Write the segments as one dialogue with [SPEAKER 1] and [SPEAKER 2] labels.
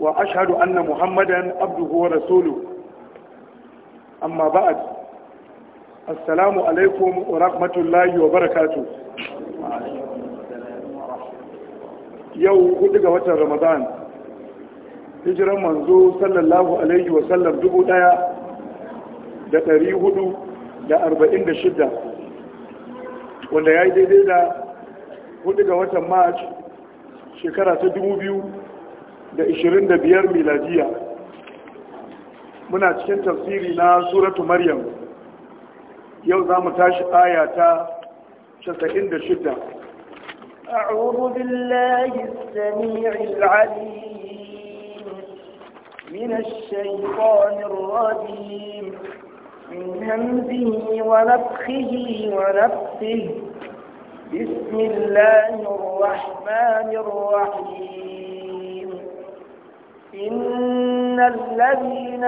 [SPEAKER 1] وأشهد أن محمدا عبده ورسوله أما بعد السلام عليكم ورحمة الله وبركاته يوم قدق وتر رمضان هجرة منذ صلى الله عليه وسلم دبو دايا da ɗari hudu da arba'in da shida wanda ya yi daidai da hudu ga watan march shekara ta dubu biyu da 25 miladiya muna cikin tafsiri na suratu maryam yau za mu tashi aya ta 96
[SPEAKER 2] أعوذ بالله السميع العليم من الشيطان الرجيم من همزه ونفخه ونفسه بسم الله الرحمن الرحيم إن الذين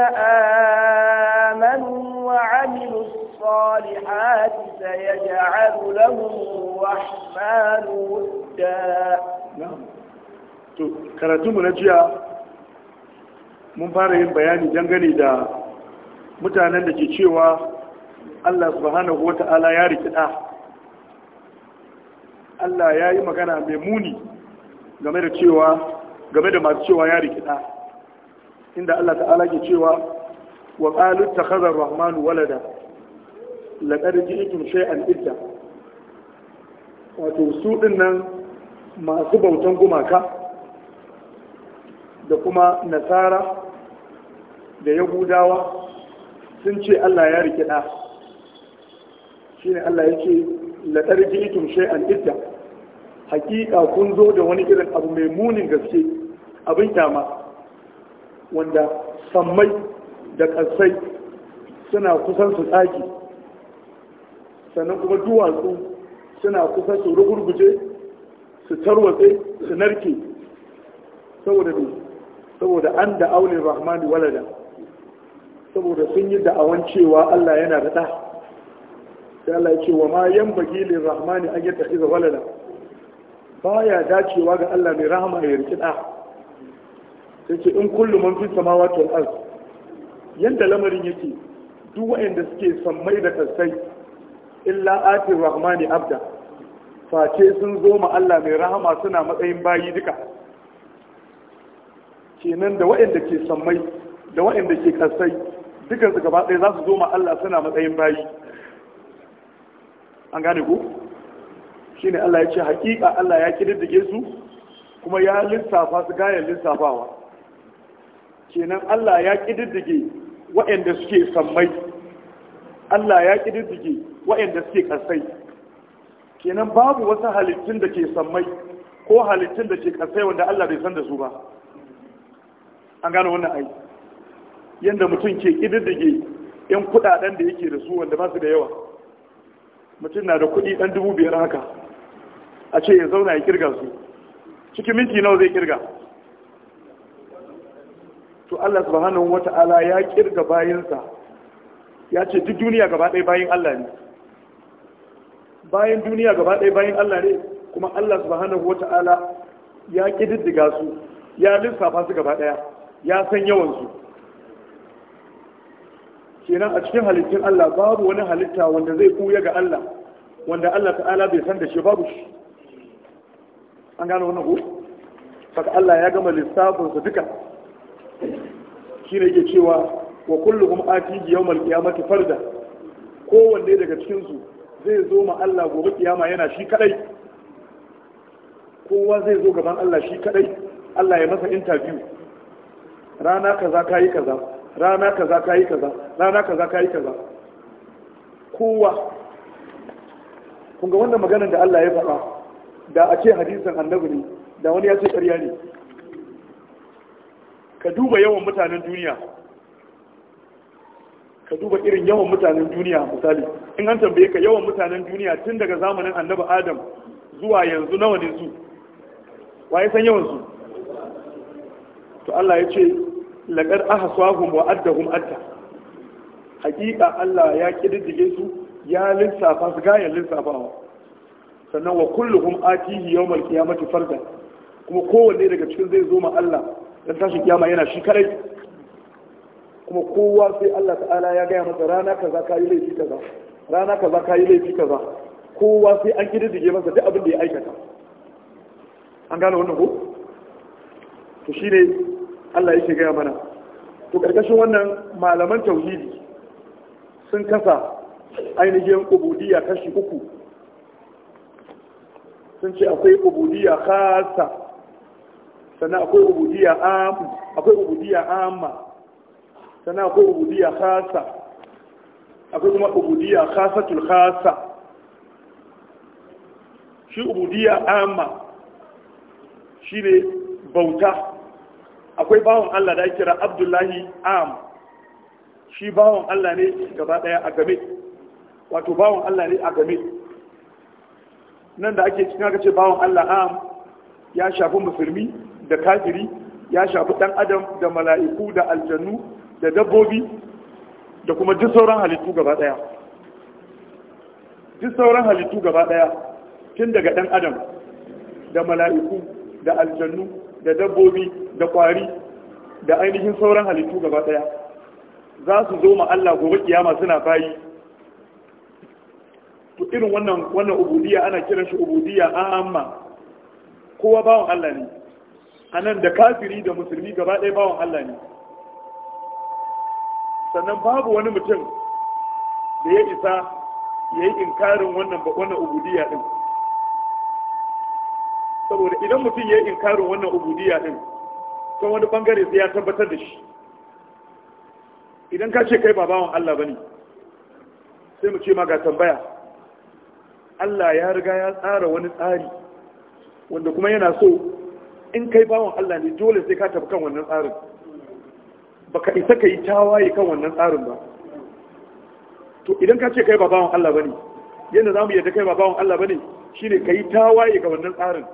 [SPEAKER 2] آمنوا وعملوا الصالحات سيجعل لهم الرحمن ودا نعم
[SPEAKER 1] karatunmu na jiya mun fara yin bayani dangane da mutanen da ke cewa Allah subhanahu ta'ala ya rikida Allah ya yi magana mai muni game da cewa game da masu cewa ya rikida inda Allah ta'ala ke cewa wa qalu takhadha ar-rahmanu walada laqad ji'tum shay'an idda wato su dinnan masu bautan gumaka da kuma nasara da yahudawa sun ce Allah ya rike da shine Allah yake laqad ji'tum shay'an idda hakika kun zo da wani irin abu mai munin gaske abin kyama wanda sammai da ƙasai suna kusan su tsaki sannan kuma duwatsu suna kusan su rugurguje su tarwatse su narke saboda saboda an da aulin rahmani walada saboda sun yi da'awan cewa Allah yana da ɗa sai Allah ya ce wa ma yan bagi rahmani an yi tafi walada baya dacewa ga Allah mai rahama ya riki ɗa sai in kullu man fi samawati wal ard yanda lamarin yake duk wanda suke sammai da kasai illa ati rahmani abda face sun zo ma Allah mai rahama suna matsayin bayi duka kenan da wanda ke sammai da wanda ke kasai dukan su gaba ɗaya za su zo ma Allah suna matsayin bayi an gane ku shine Allah ya ce hakika Allah ya kididdige su kuma ya lissafa su gayar lissafawa kenan Allah ya kididdige waɗanda suke sammai Allah ya kididdige waɗanda suke kasai kenan babu wasu halittun da ke sammai ko halittun da ke kasai wanda Allah bai san da su ba an gano wannan ai yanda mutum ke kididdige yan kudaden da yake da su wanda ba su da yawa mutum na da kudi dan dubu biyar haka a ce ya zauna ya kirga su cikin minti nawa zai kirga to Allah subhanahu wata'ala ya kirga bayansa ya ce duk duniya gaba ɗaya bayan Allah ne bayan duniya gaba ɗaya bayan Allah ne kuma Allah subhanahu wata'ala ya kididdiga su ya lissafa su gaba ɗaya ya san yawan su kenan a cikin halittun Allah babu wani halitta wanda zai kuya ga Allah wanda Allah ta'ala bai san da shi babu shi an gano wannan ko saka Allah ya gama lissafinsa duka shine yake cewa wa kulluhum atiji yawmal qiyamati farda kowanne daga cikin su zai zo ma Allah gobe kiyama yana shi kadai kowa zai zo gaban Allah shi kadai Allah ya masa interview rana kaza kai kaza rana kaza kai kaza rana kaza kai kaza kowa kun ga wannan maganar da Allah ya faɗa da a ce hadisin annabi ne da wani ya ce ƙarya ne ka duba yawan mutanen duniya ka duba irin yawan mutanen duniya misali in an tambaye ka yawan mutanen duniya tun daga zamanin annabi adam zuwa yanzu nawa ne su waye san yawan su to Allah ya ce laqad ahsawhum wa addahum adda hakika Allah ya kididdige su ya lissafa su gayan lissafawa sannan wa kulluhum atihi yawmal qiyamati farda kuma kowanne daga cikin zai zo ma Allah da tashin kiyama yana shi kadai kuma kowa sai Allah ta'ala ya gaya masa rana kaza kayi laifi kaza rana kaza kayi laifi kaza kowa sai an kididdige masa duk abin da ya aikata an gane wannan ko to shine Allah yake gaya mana to karkashin wannan malaman tauhidi sun kasa ainihin ubudiyya kashi uku sun ce akwai ubudiyya khasa sannan akwai ubudiya Amu akwai ubudiya amma sannan akwai ubudiya khasa akwai kuma ubudiya khasatul khasa shi ubudiya amma shine bauta akwai bawon Allah da ake kira Abdullahi am shi bawon Allah ne gaba daya a game wato bawon Allah ne a game nan da ake cikin aka ce bawon Allah am ya shafi musulmi da kafiri ya shafi dan adam da mala'iku da aljannu da dabbobi da kuma duk sauran halittu gaba daya duk sauran halittu gaba daya tun daga dan adam da mala'iku da aljannu da dabbobi da ƙwari da ainihin sauran halittu gaba daya za su zo ma Allah gobe kiyama suna bayi to irin wannan wannan ubudiyya ana kiran shi ubudiyya amma kowa bawan Allah ne Anan da kafiri da musulmi gaba ɗaya bawan Allah ne sannan babu wani mutum da ya isa ya yi inkarin wannan wannan ubudiya din saboda idan mutum ya yi inkarin wannan ubudiya din ta wani bangare sai ya tabbatar da shi idan ka ce kai ba bawan Allah bane sai mu ce ma ga tambaya Allah ya riga ya tsara wani tsari wanda kuma yana so in kai bawan Allah ne dole sai ka tafi kan wannan tsarin Ba ka isa ka yi tawaye kan wannan tsarin ba to idan ka ce kai ba bawan Allah ba ne, yadda za mu yadda kai ba bawan Allah ba ne shi ne ka yi tawaye ga wannan tsarin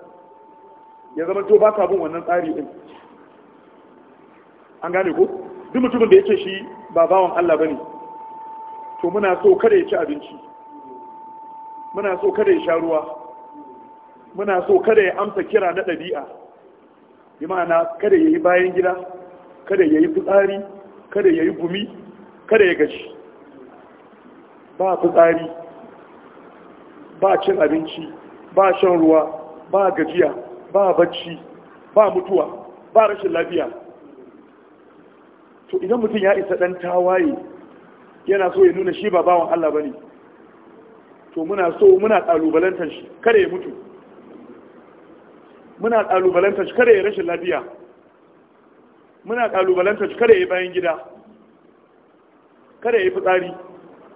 [SPEAKER 1] ya zama to ba ka bin wannan tsari ɗin an gane ko duk mutumin da yake shi ba bawan Allah ba ne, to muna so kada ya ci abinci muna so kada ya sha ruwa muna so kada ya amsa kira na ɗabi'a bi ma'ana kada ya yi bayan gida kada ya yi fitsari kada ya yi gumi kada ya gaji ba fitsari ba cin abinci ba shan ruwa ba gajiya ba bacci ba mutuwa ba rashin lafiya to idan mutum ya isa dan tawaye yana so ya nuna shi ba bawan Allah bane to muna so muna kalubalantar shi kada ya mutu muna kalubalanta shi kare rashin lafiya muna kalubalanta shi kare bayan gida kare fitsari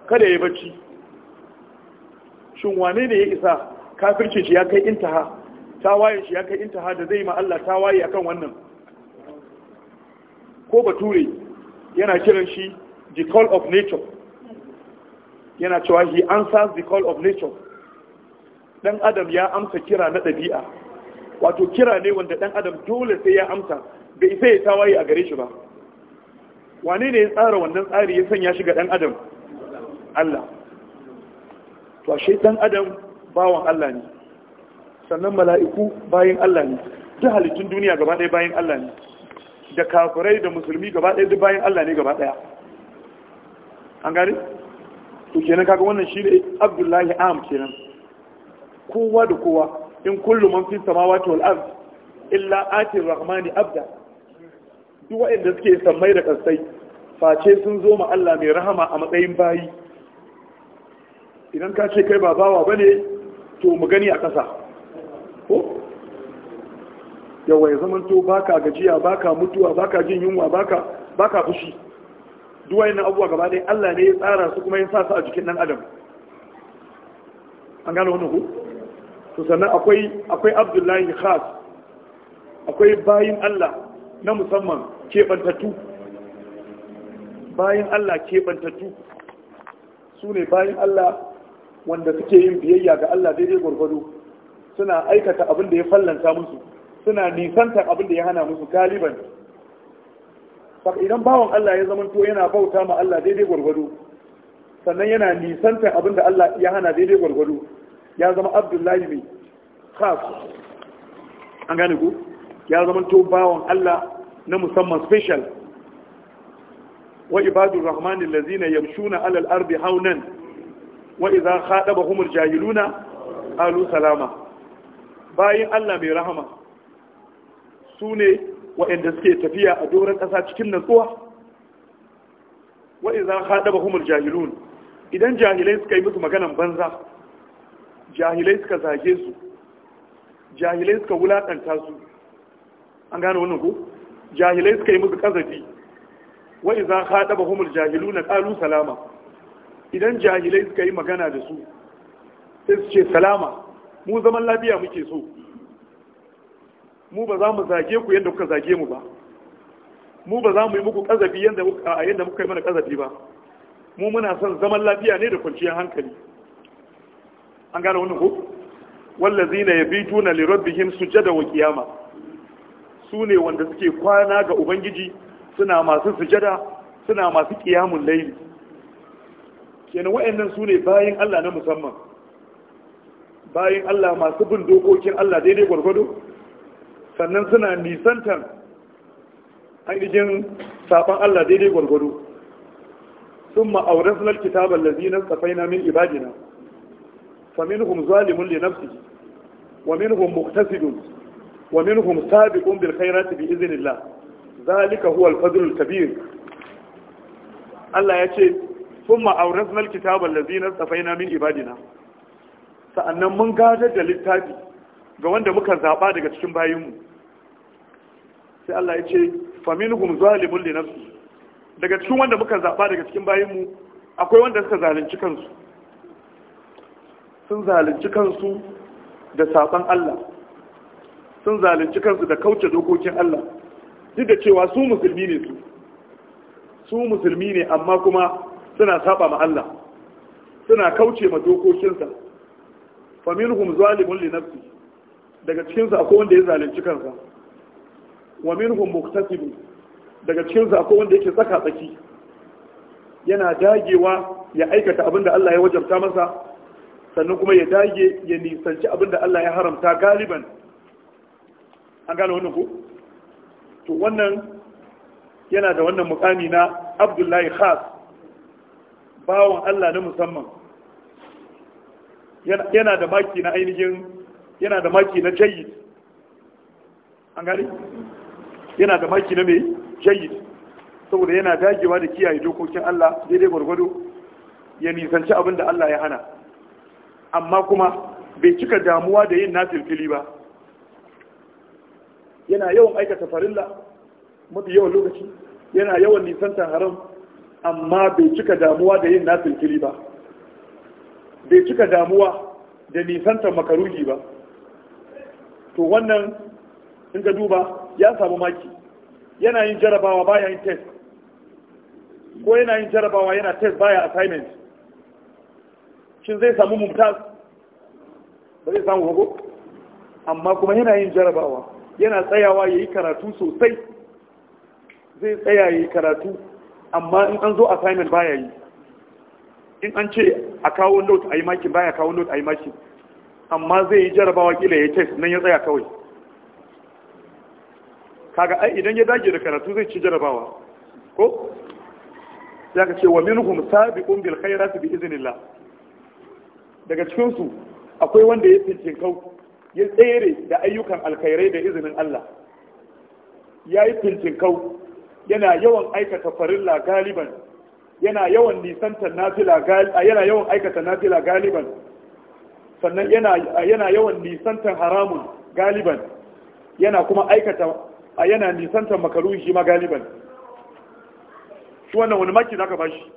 [SPEAKER 1] kare bacci shin wane ne ya isa kafirce shi ya kai intaha waye shi ya kai intaha da zai ma Allah ta waye akan wannan ko bature yana kiran shi the call of nature yana cewa he answers the call of nature dan adam ya amsa kira na ɗabi'a wato kira ne wanda dan adam dole sai ya amsa bai sai ya tawaye a gare shi ba wane ne ya tsara wannan tsari ya sanya shi ga dan adam Allah to shi dan adam bawan Allah ne sannan mala'iku bayin Allah ne duk halittun duniya gaba ɗaya bayin Allah ne da kafirai da musulmi gaba ɗaya duk bayin Allah ne gaba ɗaya an gane to kenan kaga wannan shi ne Abdullahi Am kenan kowa da kowa in kullu man fi samawati wal ard illa atir rahmani abda duk waɗanda suke sammai da kasai face sun zo ma Allah mai rahama a matsayin bayi idan ka ce kai ba bawa bane to mu gani a ƙasa ko yawa ya zamanto baka gajiya baka mutuwa baka jin yunwa baka baka fushi duk waɗannan abubuwa gaba ɗaya Allah ne ya tsara su kuma ya sa su a jikin ɗan adam an gano wannan ku to sannan akwai akwai abdullahi khas akwai bayin Allah na musamman keɓantattu bayin Allah keɓantattu su ne bayin Allah wanda suke yin biyayya ga Allah daidai gwargwado suna aikata abin da ya fallanta musu suna nisanta abin da ya hana musu galiban idan bawan Allah ya zamanto yana bauta ma Allah daidai gwargwado sannan yana nisanta abin da Allah ya hana daidai gwargwado ya zama abdullahi mai khas an gane ku ya zama to bawon Allah na musamman special wa ibadur rahmani allazina yamshuna alal ardi haunan wa khadabahum al jahiluna alu salama bayin Allah mai rahama su ne waɗanda suke tafiya a doron ƙasa cikin natsuwa wa khadabahum al jahilun idan jahilai suka yi musu maganan banza jahilai suka zage su jahilai suka wulaƙanta su an gane wannan ko jahilai suka yi musu kazafi wa bahumar jahilu na ƙalu salama idan jahilai suka yi magana da su sai su ce salama mu zaman lafiya muke so mu ba za mu zage ku yadda kuka zage mu ba mu ba za mu yi muku kazafi yadda muka yi mana kazafi ba mu muna son zaman lafiya ne da kwanciyar hankali an gane wannan ko wallazina yabi tuna rabbihim sujada wa kiyama su ne wanda suke kwana ga ubangiji suna masu sujada suna masu qiyamul laifi. kenan wayannan su ne bayan Allah na musamman bayan Allah masu bin dokokin Allah daidai gwargwado sannan suna nisantar ainihin saban Allah daidai gwargwado sun ma'aurin sunar kitabar lazinar tsafai na min ibadina فمنهم ظالم لنفسه ومنهم wa ومنهم سابق wa بإذن الله ذلك هو bi الكبير الله يقول ثم fadl الكتاب الذين Allah ya ce thumma من قادة kitaba allazina safaina min ibadina sa'annan mun gadar da littafi ga wanda muka daga cikin Allah ya ce zalimun li daga cikin wanda muka zaba daga cikin bayinmu akwai wanda suka zalunci kansu sun zalunci kansu da saƙon Allah sun zalunci kansu da kauce dokokin Allah duk da cewa su musulmi ne su su musulmi ne amma kuma suna saba ma Allah suna kauce ma dokokinsa faminhum zalimun li nafsi daga cikin su akwai wanda ya zalunci kansa wa minhum muktasib daga cikin su akwai wanda yake tsaka tsaki yana dagewa ya aikata abin da Allah ya wajabta masa sannan kuma ya dage ya nisanci abin da Allah ya haramta galiban an gane wannan ko to wannan yana da wannan mukami na abdullahi khas bawon Allah na musamman yana da maki na ainihin yana da maki na jayyid an gane yana da maki na mai jayyid saboda yana dagewa da kiyaye dokokin Allah daidai gwargwado ya nisanci abin da Allah ya hana amma kuma bai cika damuwa da yin nafilfili ba yana yawan aikata farilla mafi yawan lokaci yana yawan nisantar haram amma bai cika damuwa da yin nafilfili ba bai cika damuwa da nisantar makaruhi ba to wannan in ga duba ya samu maki yana yin jarabawa bayan yin test ko yana yin jarabawa yana test baya assignment shin zai samu mumtaz ba zai samu hago amma kuma yana yin jarabawa yana tsayawa ya yi karatu sosai zai tsaya ya yi karatu amma in an zo assignment baya yi in an ce a kawo note a yi makin baya kawo note a yi makin amma zai yi jarabawa kila ya test nan ya tsaya kawai kaga ai idan ya dage da karatu zai ci jarabawa ko ya ka ce wa minhum sabiqun bil khairati bi iznillah daga cikinsu akwai wanda ya kau, ya tsere da ayyukan alkhairai da izinin Allah ya yi kau, yana yawan aikata farilla galiban yana yawan nisantar nafila galiban, yana yawan aikata nafila galiban sannan yana yawan nisantar haramun galiban yana kuma aikata yana nisantar makaruhi shi ma galiban shi wannan wani maki zaka bashi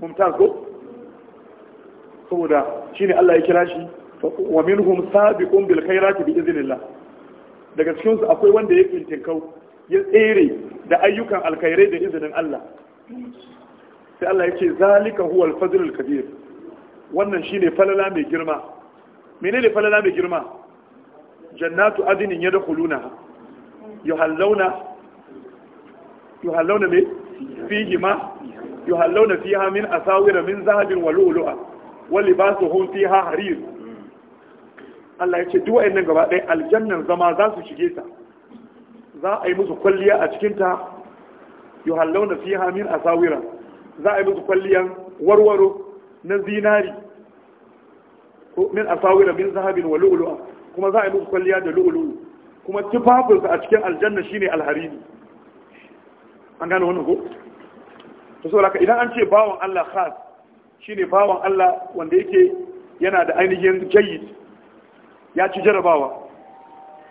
[SPEAKER 1] mumtaz ko saboda ne Allah ya kira shi wa minhum sabiqun bil khairati bi idhnillah daga cikin su akwai wanda ya kintinkau ya tsere da ayyukan alkhairai da izinin Allah sai Allah ya ce zalika huwal fadlul kabir wannan shine falala mai girma menene falala mai girma jannatu adinin yadkhulunaha yuhallawna yuhallawna me fihi ma yuhallawna fiha min asawira min zahabin wa lu'lu'a wali ba su hun ha harir Allah ya ce duk wayannan gaba ɗaya aljannan zama za su shige ta za a yi musu kwalliya a cikin ta yuhallawna fiha min asawira za a yi musu kwalliyan warwaro na zinari ko min asawira min zahabin wa lu'lu'a kuma za a yi musu kwalliya da lu'lu'u kuma tufafinsa a cikin aljanna shine alharini. an gane wannan ko to saboda idan an ce bawon Allah khas shine bawan Allah wanda yake yana da ainihin jayyid ya ci jarabawa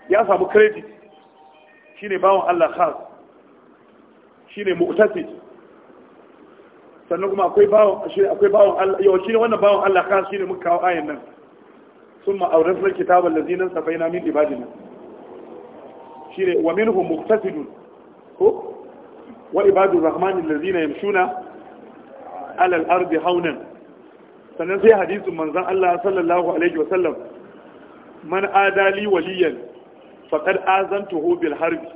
[SPEAKER 1] ya samu credit shine bawan Allah khas shine mu'tasi sannan kuma akwai bawan shine akwai bawan Allah yau shine wannan bawan Allah khas shine muka kawo ayan nan summa awrasna kitabal ladzina safaina min ibadina shine wa minhum muqtasidun ko wa ibadur rahmanil ladzina yamshuna alal ardi haunan sannan sai hadisin manzon Allah sallallahu alaihi wasallam man adali waliyan faqad azantuhu bil harbi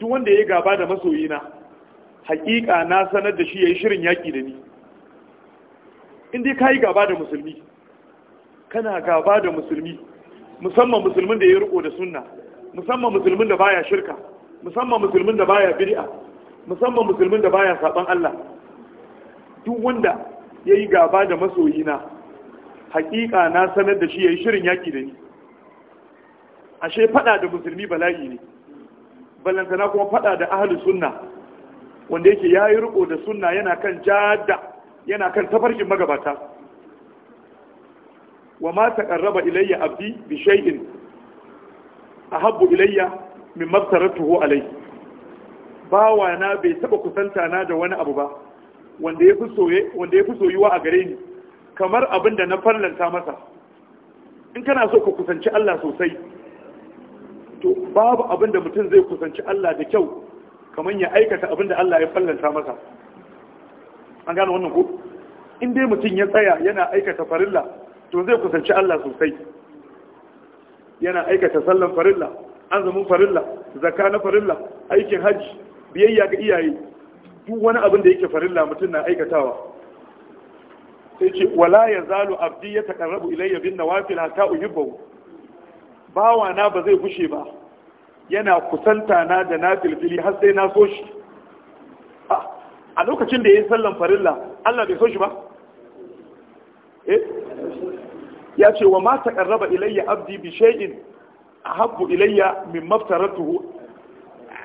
[SPEAKER 1] duk wanda yayi gaba da masoyina hakika na sanar da shi ya yi shirin yaƙi da ni in dai yi gaba da musulmi kana gaba da musulmi musamman musulmin da ya riko da sunna musamman musulmin da baya shirka musamman musulmin da baya bid'a musamman musulmin da baya saban Allah duk wanda ya yi gaba da masoyina hakika na sanar da shi ya yi shirin yaki da ni ashe fada da musulmi bala'i ne balantana kuma fada da ahalus sunna wanda yake ya yi riko da sunna yana kan jada yana kan tafarkin magabata wa ma taqarraba ilayya abdi bi shay'in ahabbu ilayya min mabtaratuhu alai. bawa na bai taba kusanta na da wani abu ba wanda ya fi soye wanda ya fi soyuwa a gare ni kamar abin da na farlanta masa in kana so ka kusanci Allah sosai to babu abin da mutum zai kusanci Allah da kyau kamar ya aikata abin da Allah ya farlanta masa an gane wannan ko in dai mutum ya tsaya yana aikata farilla to zai kusanci Allah sosai yana aikata sallan farilla azumin farilla zakka na farilla aikin hajji biyayya ga iyaye duk wani abin da yake farilla mutum na aikatawa sai ce wala ya zalu abdi ya takarrabu ilayya bin nawafil hatta uhibbu bawa na ba zai gushe ba yana kusanta na da nafilfili har sai na so shi ah, a lokacin da ya yi sallan farilla Allah bai so shi ba eh ya ce wa ma takarraba ilayya abdi bi shay'in ahabbu ilayya mimma aftaratuhu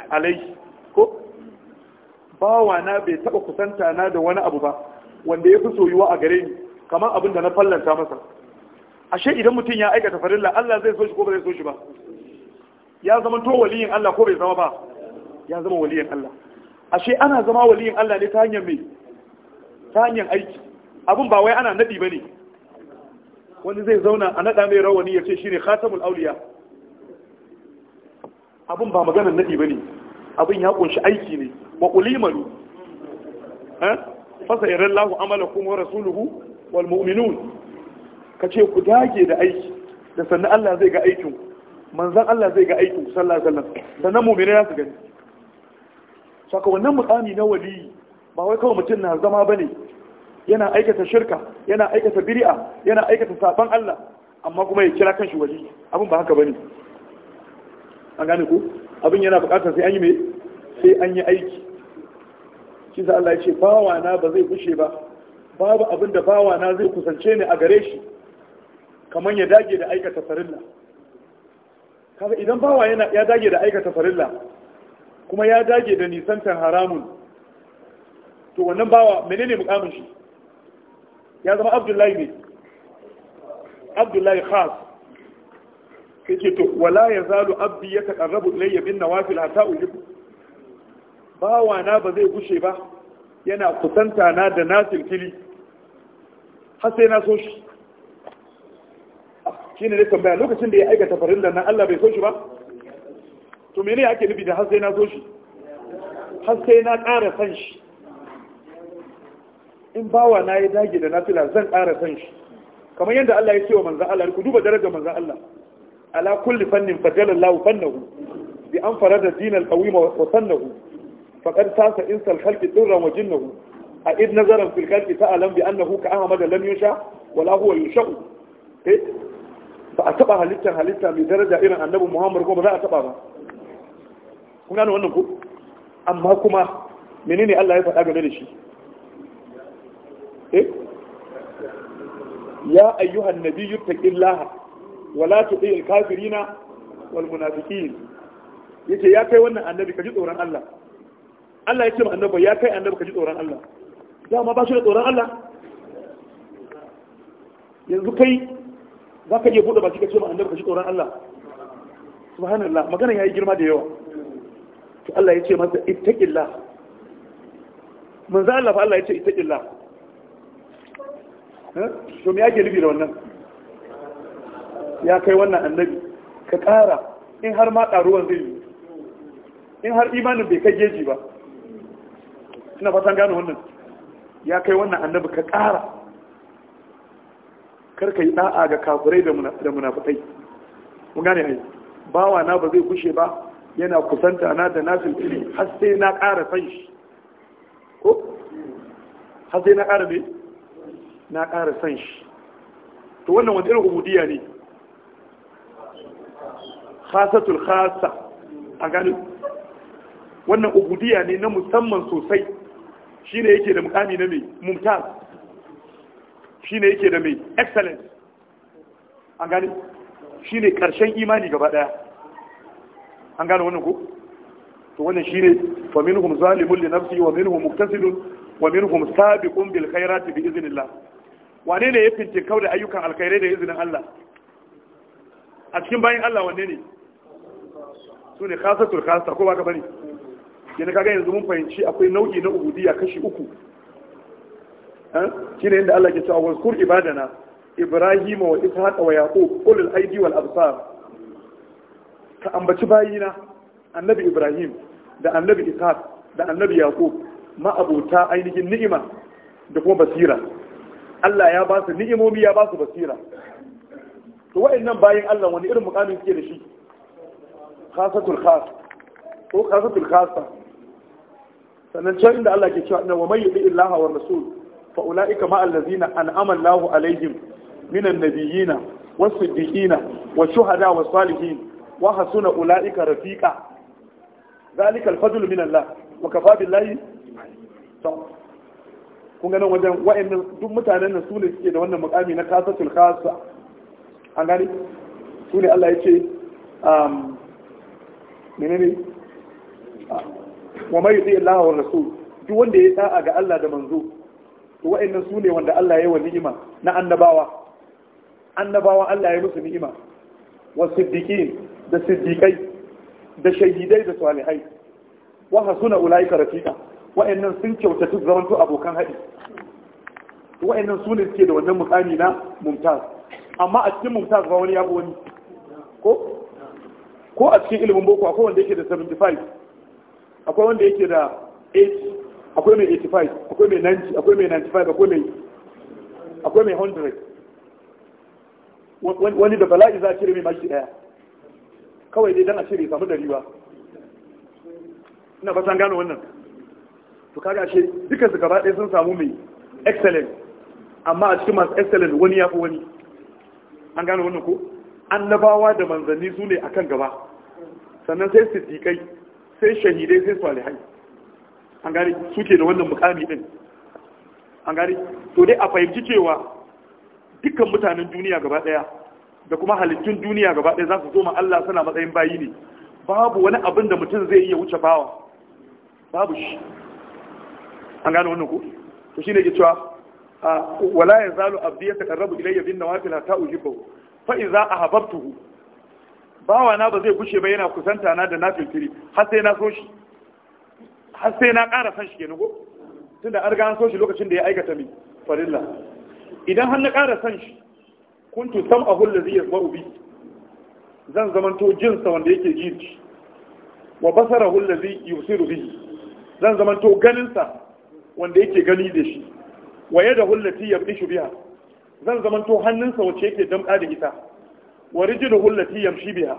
[SPEAKER 1] alayhi bawa na bai taba kusanta na da wani abu ba wanda ya fi soyuwa a gare ni kamar abin da na fallanta masa ashe idan mutum ya aikata farilla Allah zai so shi ko ba zai so shi ba ya zama to waliyin Allah ko bai zama ba ya zama waliyin Allah ashe ana zama waliyin Allah ne ta hanyar me ta hanyar aiki abin ba wai ana nadi bane wani zai zauna a nada mai rawani ya ce shine khatamul awliya Abun ba maganar nadi bane Abun ya kunshi aiki ne wa ulimalu eh, fasa irin lahu amala kuma rasuluhu wal mu'minun ka ce ku dage da aiki da sannan Allah zai ga aikin manzan Allah zai ga aikin sallallahu alaihi wasallam sannan mu'mini za su gani saka wannan mukami na wali ba wai kawai mutum na zama bane yana aikata shirka yana aikata bid'a yana aikata saban Allah amma kuma ya kira kanshi wali abin ba haka bane an gane ku abin yana bukatar sai an yi mai sai an yi aiki shi sa Allah ya ce bawana ba zai bushe ba babu abin da bawana zai kusance ni a gare shi kamar ya dage da aikata farilla kaga idan bawa yana ya dage da aikata farilla kuma ya dage da nisantar haramun to wannan bawa menene mukamin shi ya zama abdullahi ne abdullahi khas yake to wala yazalu abdi yataqarrabu ilayya bin nawafil hatta uhibbu bawana ba zai gushe ba yana kusanta na da na tilkili har sai na so shi shi ne nufin bayan lokacin da ya aikata farin da na Allah bai so shi ba to mene ake nufi da har sai na so shi har sai na ƙara san shi in bawa na ya dage da nafila zan ƙara san shi kamar yadda Allah ya ce wa manzan Allah ku duba darajar manzan Allah ala kulli fannin fajala fannahu bi an farada dinal qawima wa sannahu faqad tasa insal khalqi dirran wa jinnahu a id nazaran fil ta ta'lam bi annahu ka ahmad lam yusha wala huwa yusha ba a taɓa halittar halitta mai daraja irin annabi Muhammadu ko ba za a taɓa ba kun gane wannan ku amma kuma menene Allah ya faɗa game da shi eh ya ayyuhan nabiyyu taqillaha wala tu'il kafirina wal munafiqin yace ya kai wannan annabi ka ji tsoron Allah Allah ya ce ma annabi ya kai annabi ka ji tsoron Allah dama ba shi da tsoron Allah yanzu kai za ka iya buɗe baki ka ce ma annabi ka ji tsoron Allah subhanallah magana yayi girma da yawa to Allah ya ce masa ittaqillah manzo Allah fa Allah ya ce ittaqillah to me yake nufi da wannan ya kai wannan annabi ka ƙara in har ma ƙaruwan zai yi in har imanin bai kai geji ba ina fatan gano wannan ya kai wannan annabi ka ƙara karka yi da'a ga kafirai da munafikai mun gane ai bawa na ba zai kushe ba yana kusanta na da na fili har sai na ƙara san shi ko har sai na ƙara ne, na ƙara san shi to wannan wani irin ubudiyya ne khasatul khasa a gani wannan ubudiyya ne na musamman sosai shine yake da mukami na mai mumtaz shine yake da mai excellence an gane shine karshen imani gaba daya an gane wannan ko to wannan shine fa minhum zalimun li nafsihi wa minhum muktasidun wa minhum sabiqun bil khairati bi iznillah wane ne ya fintin kau da ayyukan alkhairai da izinin Allah a cikin bayan Allah wanne ne su ne khasatul khasata ko ba ka bane kenan kaga yanzu mun fahimci akwai nau'i na ubudiyya kashi uku eh? shine yadda Allah ke cewa wazkur ibadana ibrahima wa ishaqa wa yaqub ulul aidi wal absar ka ambaci bayina annabi ibrahim da annabi ishaq da annabi yaqub ma'abuta ainihin ni'ima da kuma basira Allah ya ba su ni'imomi ya ba su basira to wa'annan bayin Allah wani irin mukamin suke da shi khasatul khas ko khasatul khasa sannan can inda Allah ke cewa na wa may yuti illaha wa rasul fa ulaika ma allazina an'ama Allahu alaihim minan nabiyina was siddiqina wa shuhada was salihin wa hasuna ulaika rafiqa zalika al-fadlu min Allah wa kafa billahi kun ganin wajen wa'annan duk mutanen nan su ne suke da wannan mukami na kasatul khasa an gani su Allah ya ce um, menene wa mai yuti Allah wa rasul duk wanda ya sa'a ga Allah da manzo to wa'annan su sune wanda Allah ya yi wa ni'ima na annabawa annabawa Allah ya yi musu ni'ima wa siddiqin da siddiqai da shahidai da salihai wa hasuna ulaika rafiqa wa'annan sun kyautatu to abokan haɗi wa'annan su sune suke da wannan mukami na mumtaz amma a cikin mumtaz ba wani ya wani ko ko a cikin ilimin boko akwai wanda yake da 75 akwai wanda yake da 8 akwai mai 85 akwai mai 90 akwai mai 95 akwai mai akwai mai 100 wani da bala'i za a cire mai maki daya kawai dai dan a cire samu dari ba ina fatan gano wannan to kaga shi dukkan su gaba ɗaya sun samu mai excellent amma a cikin masu excellent wani ya fi wani an gano wannan ko annabawa da manzanni su ne akan gaba sannan sai siddiƙai sai shahidai sai salihai an gari suke da wannan mukami din an gari to dai a fahimci cewa dukkan mutanen duniya gaba daya da kuma halittun duniya gaba daya za su zo ma Allah suna matsayin bayi ne babu wani abin da mutum zai iya wuce bawa babu shi an gane wannan ku to shine ke cewa ah, wala yazalu abdi yataqarrabu ilayya bin nawafil hatta uhibbu fa idza ahabbtuhu bawa na ba zai gushe ba yana kusanta na da nafin firi har sai na so shi har sai na ƙara san shi nugo tun tunda an riga an so shi lokacin da ya aikata mi farilla idan har na ƙara san shi kuntu sam'ahu allazi yasma'u bi zan zamanto jin sa wanda yake ji shi wa basarahu allazi yusiru bihi zan zamanto ganin sa wanda yake gani da shi wa yadahu allati yabdishu biha zan zamanto hannunsa wacce yake damɗa da ita wa rijluhu allati yamshi biha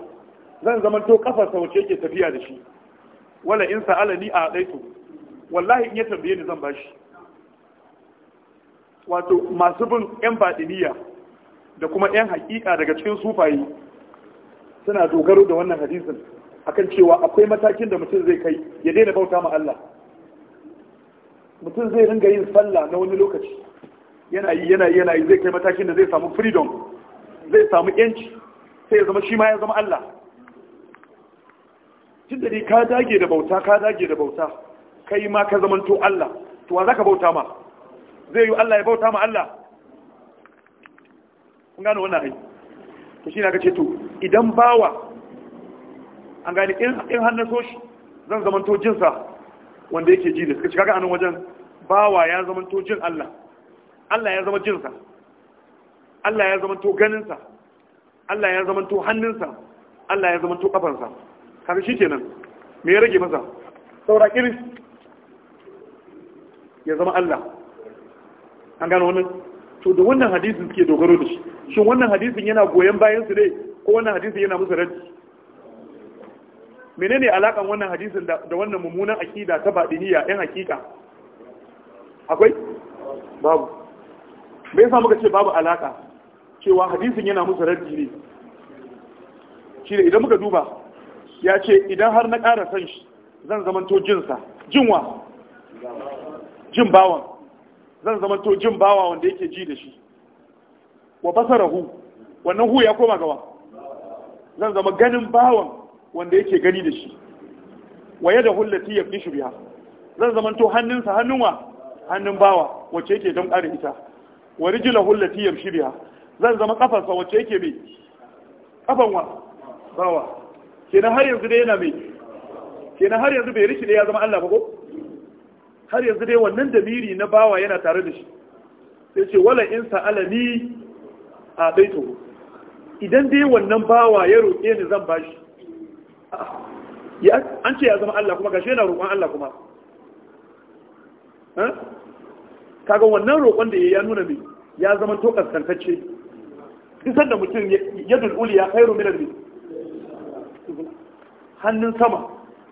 [SPEAKER 1] zan zaman to sa wace yake tafiya da shi wala in Alani a daitu wallahi in ya tambaye ni zan bashi wato masu bin yan badiniya da kuma yan hakika daga cikin sufaye suna dogaro da wannan hadisin akan cewa akwai matakin da mutum zai kai ya daina bauta ma Allah mutum zai ringa yin sallah na wani lokaci yana yi yana yi yana yi zai kai matakin da zai samu freedom zai samu yanci sai ya zama shi ma ya zama Allah tun da ni ka dage da bauta ka dage da bauta kai ma ka to Allah to wa zaka bauta ma zai yi Allah ya bauta ma Allah kun gano wannan ai to shi na ka ce to idan bawa an gani in hannun so shi zan zamanto jinsa wanda yake ji da suka shiga ga anan wajen bawa ya to jin Allah Allah ya zama jinsa Allah ya zama to ganinsa Allah ya zama to hannunsa Allah ya zama zamanto kafansa kaga shikenan me ya rage masa saura kiris ya zama Allah an gano wannan to da wannan hadisin suke dogaro da shi shin wannan hadisin yana goyon bayan su ne ko wannan hadisin yana musu raddi menene alakan wannan hadisin da wannan mummunan akida ta badiniya yan hakika akwai babu Me sa muka ce babu alaka cewa hadisin yana musu raddi ne shi da idan muka duba ya ce idan har na ƙara san shi zan zamanto jinsa jinwa jin bawan zan zamanto jin bawa wanda yake ji da shi wa basarahu wannan hu ya koma gawa zan zama ganin bawan wanda yake gani da shi wa yada hullati ya fi shi biya zan zamanto hannunsa hannunwa hannun bawa wacce yake don ƙara ita wa rijila hullati ya fi biya zan zama kafarsa wacce yake mai kafan wa bawa kenan har yanzu dai yana mai kenan har yanzu bai rishi da ya zama Allah ba ko har yanzu dai wannan damiri na bawa yana tare da shi sai ce wala in sa'alani a baito idan dai wannan bawa ya roƙe ni zan bashi an ce ya zama Allah kuma gashi yana roƙon Allah kuma kaga wannan roƙon da ya nuna mai ya zama to kaskantacce isar da mutum yadul uliya khairu min al hannun sama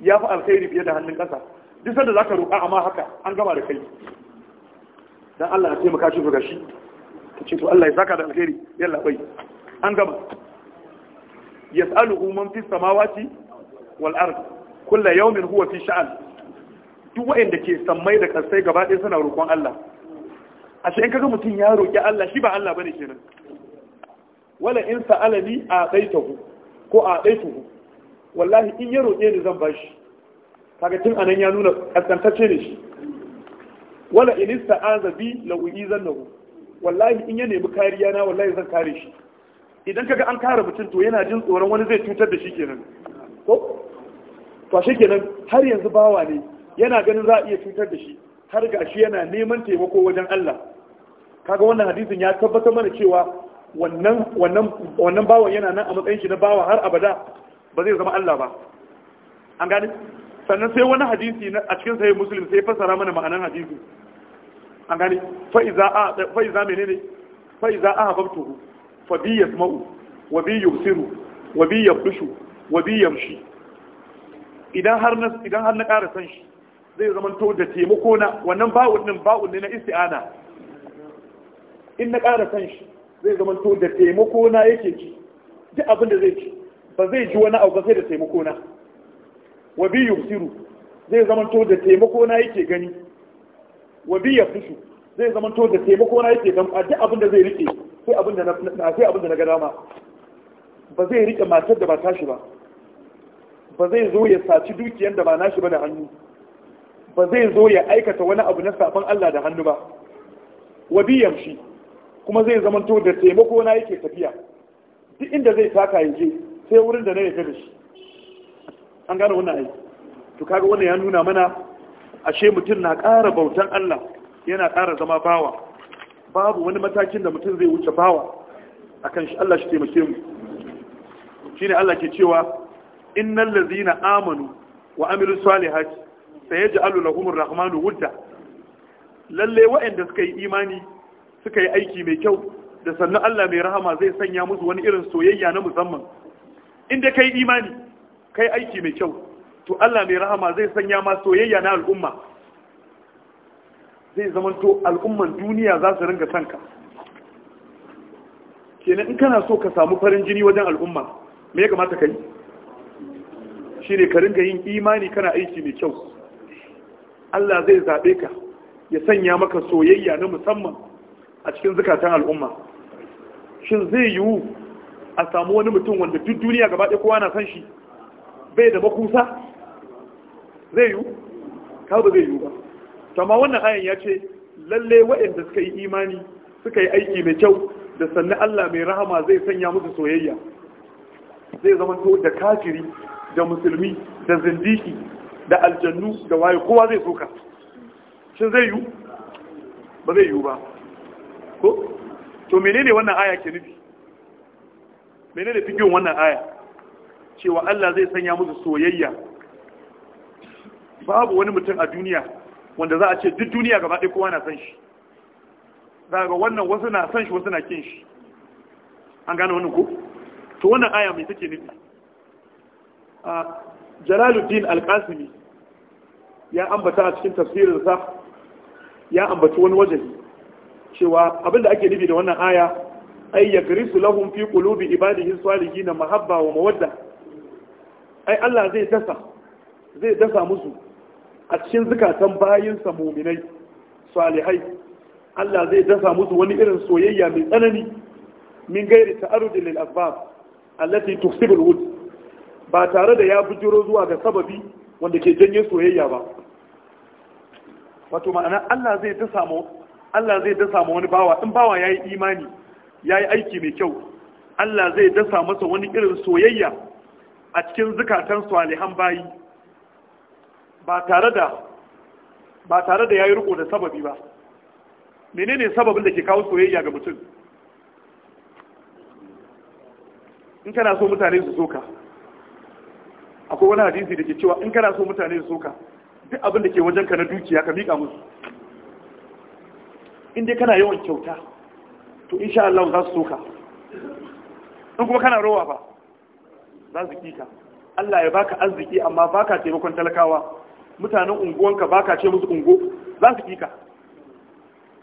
[SPEAKER 1] ya fi alkhairi fiye da hannun ƙasa da za ka roƙa amma haka an gama da kai Don Allah ya taimaka shi ga shi ta ce to Allah ya saka da alkhairi yalla bai an gama yas'aluhu man fis samawati wal ard yau min huwa fi sha'an duk wa'inda ke sammai da kasai gaba ɗaya suna roƙon Allah ashe in kaga mutum ya roƙi Allah shi ba Allah bane kenan wala in sa'alani a daitahu ko a daituhu wallahi in ya roƙe ni zan bashi kaga tun anan ya nuna kaskantacce ne shi wala in ista'aza bi la nahu. wallahi in ya nemi kariya na wallahi zan kare shi idan kaga an kare mutum to yana jin tsoron wani zai cutar da shi kenan ko to shi kenan har yanzu bawa ne yana ganin za a iya cutar da shi har gashi yana neman taimako wajen Allah kaga wannan hadisin ya tabbatar mana cewa wannan wannan wannan bawan yana nan a matsayin shi na bawa har abada ba zai zama Allah ba an gani sannan sai wani hadisi a cikin sahih muslim sai fassara mana ma'anar hadisi an gani fa iza a fa iza menene fa iza ahabbtuhu fa bi yasma'u wa bi yusiru wa bi yabshu wa bi yamshi idan har na idan har na ƙara san shi zai zama to da taimako na wannan ba'un din ba'un ne na isti'ana in na ƙara san shi zai zama to da taimako na yake ci duk abin da zai ci ba zai ji wani abu sai da taimako na wa bi yusiru zai zama to da taimako na yake gani wa bi yafshu zai zama to da taimako na yake gan a duk abin da zai rike sai abin da na sai abin da na ga dama ba zai rike matar da ba tashi ba ba zai zo ya saci dukiyar da ba nashi ba da hannu ba zai zo ya aikata wani abu na sabon Allah da hannu ba wa bi yamshi kuma zai zamanto da taimako na yake tafiya duk inda zai taka ya je sai wurin da na yake da shi an gane wannan aiki to kaga wannan ya nuna mana ashe mutum na ƙara bautan Allah yana ƙara zama bawa babu wani matakin da mutum zai wuce bawa akan shi Allah shi taimake mu shine Allah ke cewa innal ladzina amanu wa amilus salihati sayaj'alu lahumur rahmanu wudda lalle waɗanda suka yi imani suka yi aiki mai kyau da sannan Allah mai rahama zai sanya musu wani irin soyayya na musamman inda kai imani kai aiki mai kyau to Allah mai rahama zai sanya ma soyayya na al'umma zai zamanto al'umman duniya za su ringa sanka kenan in kana so ka samu farin jini wajen al'umma me ya kamata ka yi shi ne ka ringa yin imani kana aiki mai kyau Allah zai zaɓe ka ya sanya maka soyayya na musamman a cikin zukatan al'umma shin zai yiwu a samu wani mutum wanda duk duniya gaba ɗaya kowa na san shi bai da makusa zai yiwu ka ba zai yiwu ba to wannan ayan ya ce lalle waɗanda suka yi imani suka yi aiki mai kyau da sannan Allah mai rahama zai sanya musu soyayya zai zama to da kafiri da musulmi da zindiki da aljannu da waye kowa zai soka shin zai yiwu ba zai yiwu ba ko to menene wannan aya ke nufi menene fikin wannan aya cewa Allah zai sanya musu soyayya babu wani mutum a duniya wanda za a ce duk duniya gaba ɗaya kowa na san shi za ga wannan wasu na san shi wasu na kin shi an gane wannan ko to wannan aya mai take nufi a jalaluddin alkasimi ya ambata a cikin tafsirinsa ya ambaci wani wajahi cewa abinda ake nufi da wannan aya ay yakrisu lahum fi qulubi ibadihi salihin mahabba wa mawadda ai Allah zai dasa zai dasa musu a cikin zukatan bayinsa muminai salihai Allah zai dasa musu wani irin soyayya mai tsanani min gairi ta'arudi lil asbab allati tuksibu al ba tare da ya bujiro zuwa ga sababi wanda ke janye soyayya ba wato ma'ana Allah zai dasa mu Allah zai dasa ma wani bawa in bawa yayi imani yayi aiki mai kyau Allah zai dasa masa wani irin soyayya a cikin zukatan salihan bayi ba tare da ba tare da yayi riko da sababi ba menene sababin da ke kawo soyayya ga mutum in kana so mutane su soka akwai wani hadisi da ke cewa in kana so mutane su soka duk abin da ke wajenka na dukiya ka miƙa musu in dai kana yawan kyauta to insha Allah za su soka in kuma kana rowa ba za su kika Allah ya baka arziki amma baka taimakon talakawa mutanen unguwanka baka ce musu ungo za su kika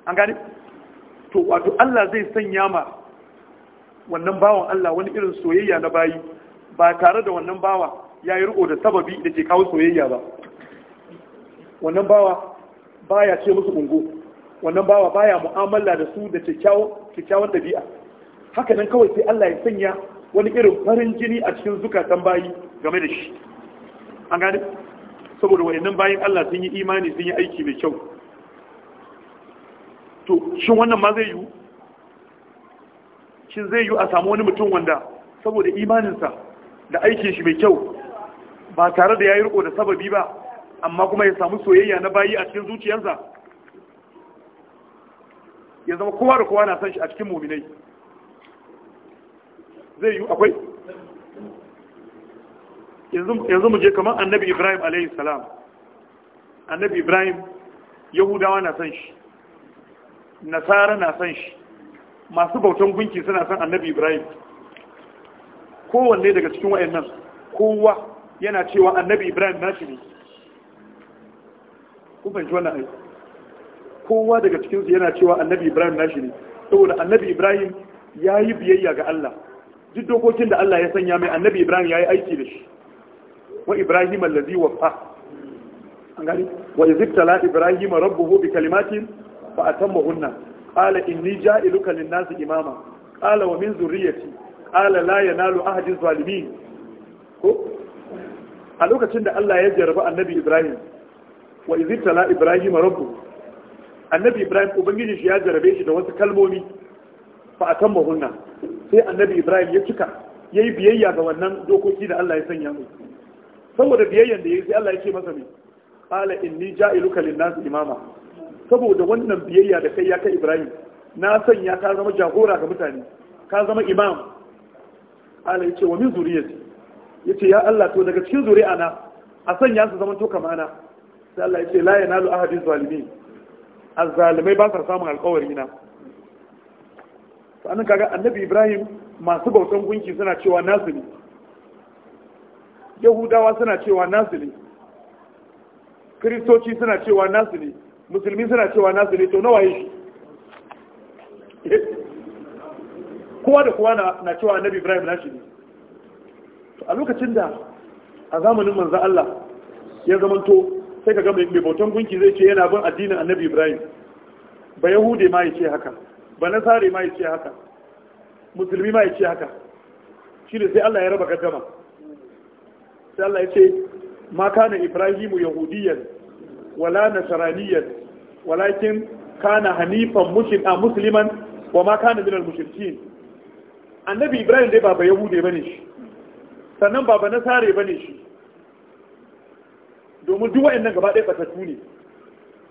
[SPEAKER 1] an gani to wato Allah zai sanya ma wannan bawan Allah wani irin soyayya na bayi ba tare da wannan bawa ya yi riko da sababi da ke kawo soyayya ba wannan bawa baya ce musu ungo wannan bawa baya mu'amala da su da kyakkyawan dabi'a haka nan kawai sai Allah ya sanya wani irin farin jini a cikin zukatan bayi game da shi an gane saboda wayannan bayin Allah sun yi imani sun yi aiki mai kyau to shin wannan ma zai yi shin zai yi a samu wani mutum wanda saboda imaninsa da aikin shi mai kyau ba tare da ya yi riko da sababi ba amma kuma ya samu soyayya na bayi a cikin zuciyarsa ya zama kowa da kowa na san shi a cikin muminai zai yi akwai yanzu mu je kamar annabi ibrahim alayhi salam annabi ibrahim yahudawa na san shi nasara na san shi masu bautan gunki suna san annabi ibrahim kowanne daga cikin wa'annan kowa yana cewa annabi ibrahim na shi ne kuma ji wannan aiki kowa daga cikinsu yana cewa annabi ibrahim nashi ne saboda annabi ibrahim ya yi biyayya ga allah duk dokokin da allah ya sanya mai annabi ibrahim ya yi aiki da shi wa ibrahim allazi fa. an gani wa izibtala ibrahim rabbuhu bi kalimatin fa atammahunna qala inni ja'iluka lin-nasi imama qala wa min zurriyyati qala la yanalu ahadin zalimin ko a lokacin da allah ya jarba annabi ibrahim wa izibtala ibrahim rabbuhu annabi ibrahim ubangiji shi ya jarabe shi da wasu kalmomi fa akan mahunna sai annabi ibrahim ya cika ya yi biyayya ga wannan dokoki da allah ya sanya mai saboda biyayyan da ya yi sai allah ya ce masa mai qala inni ja'iluka lin-nasi imama saboda wannan biyayya da kai ya kai ibrahim na sanya ka zama jagora ga mutane ka zama imam ya ce wa min zuriyati ce ya Allah to daga cikin zuri'a na a sanya su zama to kamana sai Allah ya ce la yanalu ahadin zalimin azzalimai ba sa samun alkawari na sannan kaga annabi ibrahim masu bautan gunki suna cewa nasu ne yahudawa suna cewa nasu ne kiristoci suna cewa nasu ne musulmi suna cewa nasu ne to nawa shi kowa da kowa na cewa annabi ibrahim nashi ne a lokacin da a zamanin manzan allah ya zamanto sai ka gama mai bautan gunki zai ce yana bin addinin annabi ibrahim ba yahude ma ya ce haka ba nasare ma ya ce haka musulmi ma ya ce haka shi ne sai allah ya raba gaggama sai allah ya ce ma kana ibrahimu yahudiyan wala nasaraniyan walakin kana hanifan musliman wa ma kana minal mushrikin annabi ibrahim dai ba ba yahude bane shi sannan ba ba nasare bane shi domin duk wayannan gaba ɗaya batattu ne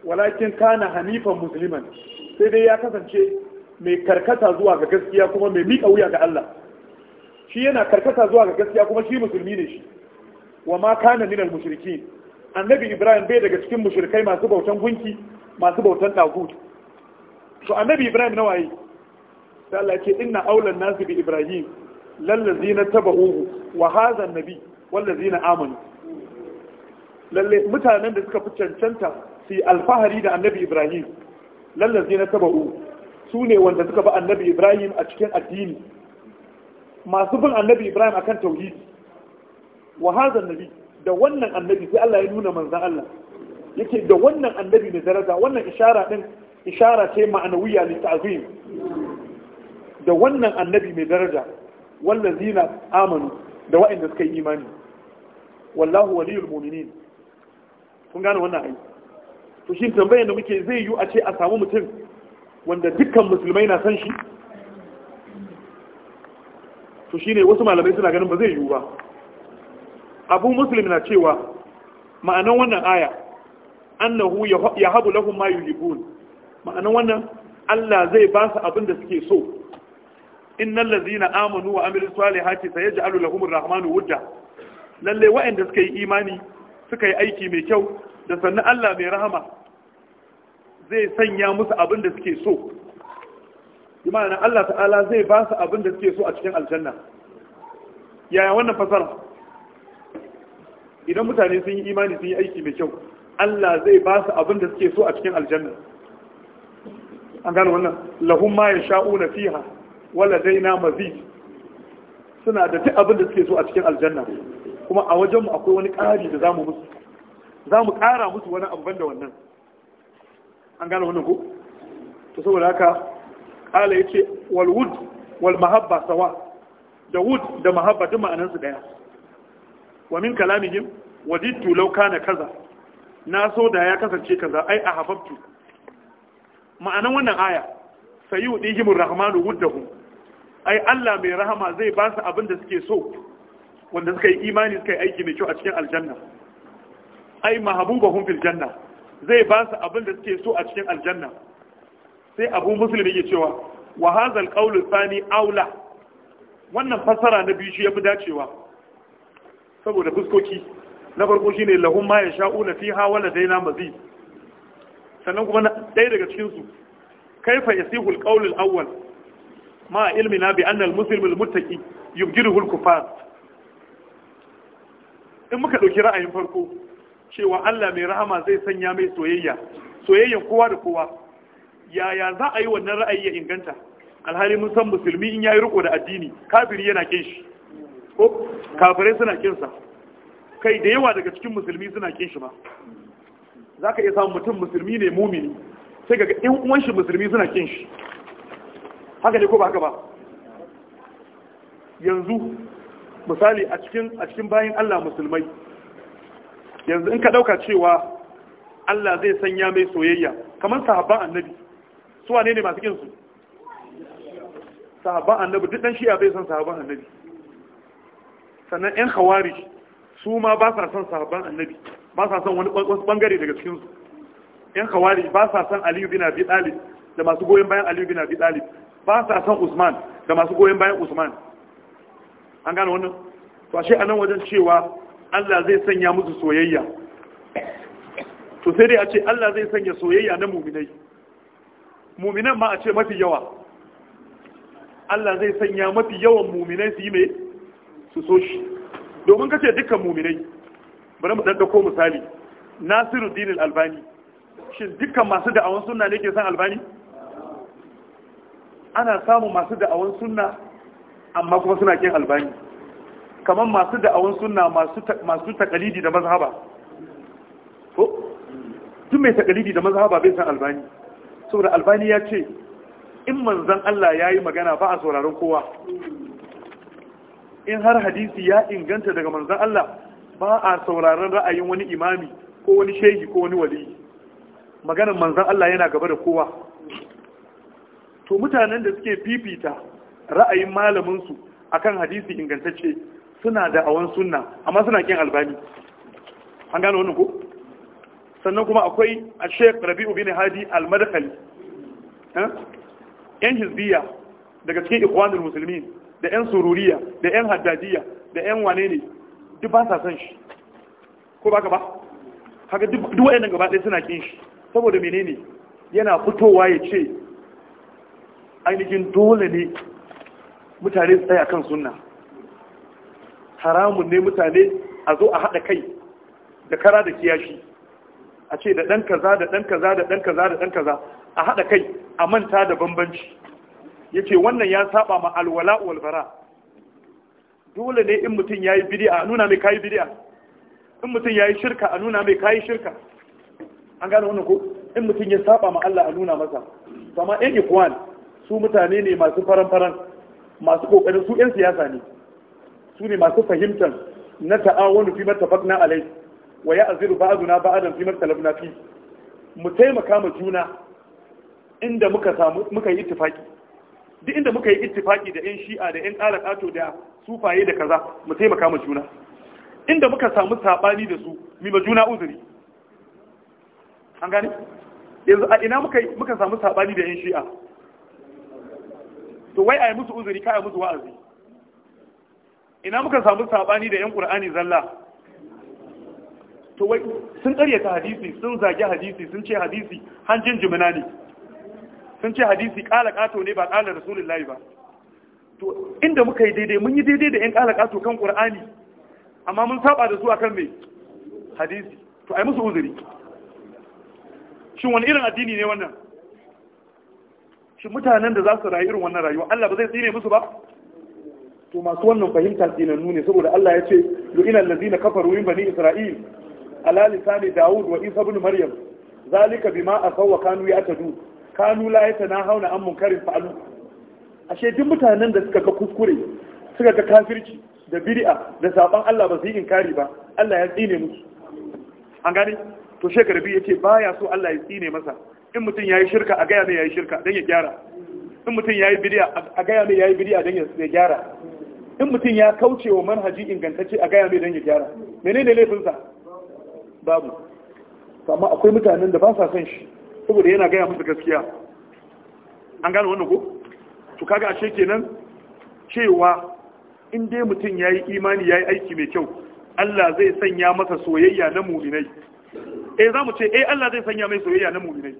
[SPEAKER 1] walakin kana hanifan musulman sai dai ya kasance mai karkata zuwa ga gaskiya kuma mai miƙa wuya ga Allah shi yana karkata zuwa ga gaskiya kuma shi musulmi ne shi wa ma kana minal mushriki annabi ibrahim bai daga cikin mushrikai masu bautan gunki masu bautan tagut to annabi ibrahim na waye sai Allah ce inna aulan nasi bi ibrahim lallazina tabahu wa hadha annabi wallazina amanu lalle mutanen da suka fi cancanta su yi alfahari da annabi ibrahim lallazi na taba'u su ne wanda suka bi annabi ibrahim a cikin addini masu bin annabi ibrahim akan tauhidi wa hazan nabi da wannan annabi sai Allah ya nuna manzan Allah yake da wannan annabi ne daraja wannan ishara din ishara ce ma'anawiya li ta'zim da wannan annabi mai daraja zina amanu da waɗanda suka yi imani wallahu waliyul mu'minin kun gane wannan aiki. to shi tambayar da muke zai yi a ce a samu mutum wanda dukkan musulmai na san shi to shine wasu malamai suna ganin ba zai yi ba abu musulmi na cewa ma'anan wannan aya annahu yahabu lahum ma ma'anan wannan Allah zai ba su abin da suke so innal na amanu wa amilus salihati sayaj'alu lahumur rahmanu wudda lallai wa'anda suka yi imani suka yi aiki mai kyau da sannan Allah mai rahama zai sanya musu abin da suke so imanin Allah ta'ala zai ba su abin da suke so a cikin aljanna yaya wannan fasara idan mutane sun yi imani sun yi aiki mai kyau Allah zai ba su abin da suke so a cikin aljanna an gano wannan lahun ma na fiha wala na mazi suna da duk abin da suke so a cikin aljanna kuma a wajenmu akwai wani ƙari da zamu musu za mu ƙara musu wani abu banda wannan an gane wannan ko to saboda haka ƙala yace ce wal wud wal mahabba sawa da wud da mahabba duk ma'anansu daya wa min kalamihim wajidtu law kana kaza na so da ya kasance kaza ai a hababtu ma'anan wannan aya dihimur rahmanu wuddahu ai Allah mai rahama zai ba su abin da suke so wanda suka yi imani suka yi aiki mai kyau a cikin aljanna ai mahabubahum fil janna zai ba su abin da suke so a cikin aljanna sai abu muslim yake cewa wa hadha alqawlu thani aula wannan fasara na biyu shi yafi dacewa saboda fuskoki na farko shine lahum ma yasha'una fiha wa ladaina mazid sannan kuma daya daga cikin su kaifa yasihu alqawlu alawwal ma na bi anna almuslim almuttaqi yubjiruhu kufar in muka ɗauki ra'ayin farko cewa Allah mai rahama zai sanya mai soyayya soyayyan kowa da kowa yaya za a yi wannan ra'ayi ya inganta alhali mun san musulmi in yayi riko da addini kafiri yana kin shi
[SPEAKER 3] ko kafirai suna
[SPEAKER 1] kin sa kai da yawa daga cikin musulmi suna kin shi ma zaka iya samu mutum musulmi ne mumini sai kaga in uwan shi musulmi suna kin shi haka ne ko ba haka ba yanzu misali a cikin a cikin bayin Allah musulmai yanzu in ka dauka cewa Allah zai sanya mai soyayya kamar sahabban annabi su wane ne masu kinsu sahabban annabi duk dan shi'a bai san sahabban annabi sannan yan hawari su ma ba sa son sahabban annabi ba sa son wani bangare daga cikin su yan hawari ba sa son Aliyu bin Abi Talib da masu goyon bayan Aliyu bin Abi Talib ba sa son Usman da masu goyon bayan Usman an gane wannan to ashe anan wajen cewa Allah zai sanya musu soyayya to sai dai a ce Allah zai sanya soyayya na muminai muminan ma a ce mafi yawa Allah zai sanya mafi yawan muminai su yi mai su so shi domin kace dukkan muminai bari mu dan ko misali Nasiru Dinil Albani shin dukkan masu da'awan sunna ne ke san Albani ana samu masu da'awan sunna amma kuma suna kin albani kamar masu da'awun sunna masu takalidi da mazhaba ko tun mai takalidi da mazhaba bai san albani saboda albani ya ce in manzan Allah ya yi magana ba a sauraron kowa in har hadisi ya inganta daga manzan Allah ba a sauraron ra'ayin wani imami ko wani shehi ko wani wali maganar manzan Allah yana gaba da kowa to mutanen da suke fifita ra'ayin malamin su akan hadisi ingantacce suna da awan sunna amma suna kin albani an gano wannan ko sannan kuma akwai a sheik rabi'u bin hadi al-madkhali eh? yan hizbiya daga cikin ikwanul musulmin da yan sururiya da yan haddadiya da yan wane ne duk ba sa son shi ko baka ba haka duk wayannan gaba ɗaya suna kin shi saboda menene yana fitowa ya ce ainihin dole ne mutane su tsaya kan sunna haramun ne mutane a zo a haɗa kai da kara da kiyashi a ce da ɗan kaza da ɗan kaza da ɗan kaza da ɗan kaza a haɗa kai a manta da bambanci ya ce wannan ya saba ma alwala walbara dole ne in mutum ya yi bidi'a a nuna mai kayi bidi'a in mutum ya yi shirka a nuna mai kayi shirka an gane wannan ko in mutum ya saba ma Allah a nuna masa amma su mutane ne masu faran-faran masu kokarin su yan siyasa ne su ne masu fahimtar na ta'awunu fi mattafaqna alai wa ya ya'ziru ba'duna ba'dan fi mattalabna fi mu taimaka ma juna inda muka samu muka yi ittifaki duk inda muka yi ittifaki da yan shi'a da yan ƙara da sufaye da kaza mu taimaka ma juna inda muka samu sabani da su mi ma juna uzuri an gane yanzu a ina muka muka samu sabani da yan shi'a to wai a yi musu uzuri kai musu wa'azi ina muka samu sabani da yan qur'ani zalla to wai sun karyata hadisi sun zage hadisi sun ce hadisi hanjin jimina ne sun ce hadisi kala kato ne ba kala rasulullahi ba to inda muka yi daidai mun yi daidai da yan kala kato kan qur'ani amma mun saba da su akan me hadisi to yi musu uzuri shin wani irin addini ne wannan shi mutanen da za su rayu irin wannan rayuwa Allah ba zai tsine musu ba to masu wannan fahimta dinan ne saboda Allah ya ce lu'ina allazina kafaru min bani isra'il ala lisani daud wa isa ibn maryam zalika bima asaw wa kanu ya'tadu kanu la hauna an munkarin fa'alu ashe duk mutanen da suka ga kuskure suka ga kafirci da bid'a da saban Allah ba su yi inkari ba Allah ya tsine musu an gane to shekarbi yace baya so Allah ya tsine masa in mutum ya yi shirka a gaya mai ya yi shirka don ya gyara in mutum ya yi bidiya a gaya mai ya yi bidiya don ya gyara in mutum ya kauce wa manhaji ingantacce a gaya mai don ya gyara menene laifinsa babu amma akwai mutanen da ba sa son shi saboda yana gaya musu gaskiya an gane wannan ko to kaga ashe kenan cewa in dai mutum ya yi imani ya yi aiki mai kyau Allah zai sanya masa soyayya na muminai eh za mu ce eh Allah zai sanya mai soyayya na muminai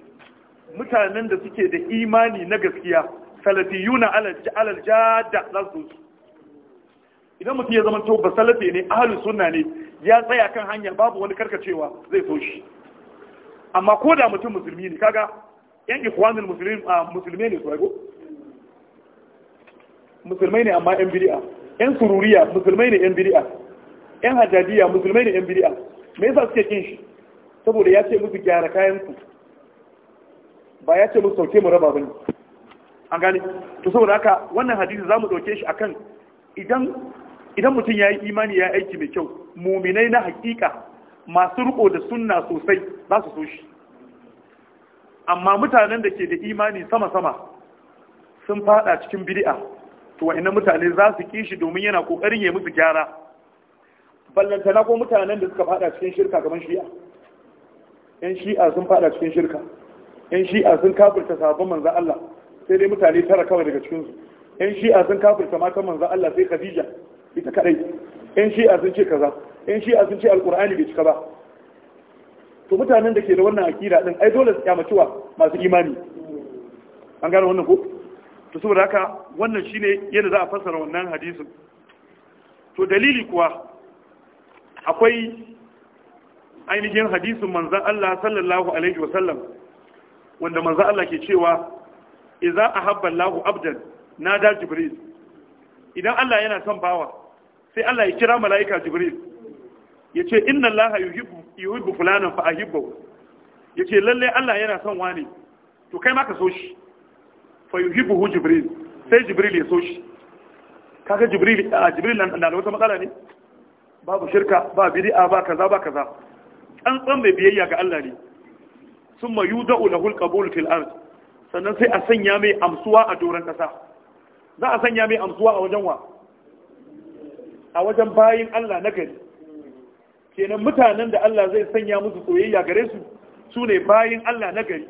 [SPEAKER 1] mutanen da suke da imani na gaskiya salafiyuna alal jadda za idan mutum ya zama to ba salafi ne ahlus sunna ne ya tsaya kan hanya babu wani karkacewa zai so shi amma ko da mutum musulmi ne kaga yan ikwanul muslimin ah, ne su musulmai ne amma yan bid'a yan sururiya musulmai ne yan bid'a yan hajjadiya musulmai ne yan bid'a me yasa suke kin shi saboda ya ce musu gyara kayan ku ba ya ce musu sauke mu raba bane an gane to saboda haka wannan hadisi za mu ɗauke shi akan idan idan mutum ya yi imani ya aiki mai kyau muminai na hakika masu riko da sunna sosai za su so shi amma mutanen da ke da imani sama-sama sun fada cikin bid'a to wa'annan mutane za su kishi domin yana kokarin ya musu gyara ballantana ko mutanen da suka fada cikin shirka kamar shi'a yan shi'a sun fada cikin shirka yan shi'a sun kafirta sabon manzan Allah sai dai mutane tara kawai daga cikinsu yan shi'a sun kafirta matan manzan Allah sai Khadija ita kadai yan shi'a sun ce kaza yan shi'a sun ce alqur'ani bai cika ba to mutanen da ke da wannan akida din ai dole su kyamaci wa masu imani an gane wannan ko to saboda haka wannan shine yadda za a fassara wannan hadisin to dalili kuwa akwai ainihin hadisin manzan Allah sallallahu alaihi wasallam wanda manzo Allah ke cewa idza ahabba Allahu abdan nada jibril idan Allah yana son bawa sai Allah ya kira mala'ika jibril yace inna Allaha yuhibbu yuhibbu fulanan fa ahibbu yace lalle Allah yana son wani to kai ma ka so shi fa yuhibbu jibril sai jibril ya so shi kaga jibril a jibril nan da wata matsala ne babu shirka ba bid'a ba kaza ba kaza tsantsan mai biyayya ga Allah ne sun ma yi da'u lahul qabul fil sannan sai a sanya mai amsuwa a doron kasa za a sanya mai amsuwa a wajen wa a wajen bayin Allah na gari kenan mutanen da Allah zai sanya musu soyayya gare su su ne bayin Allah na gari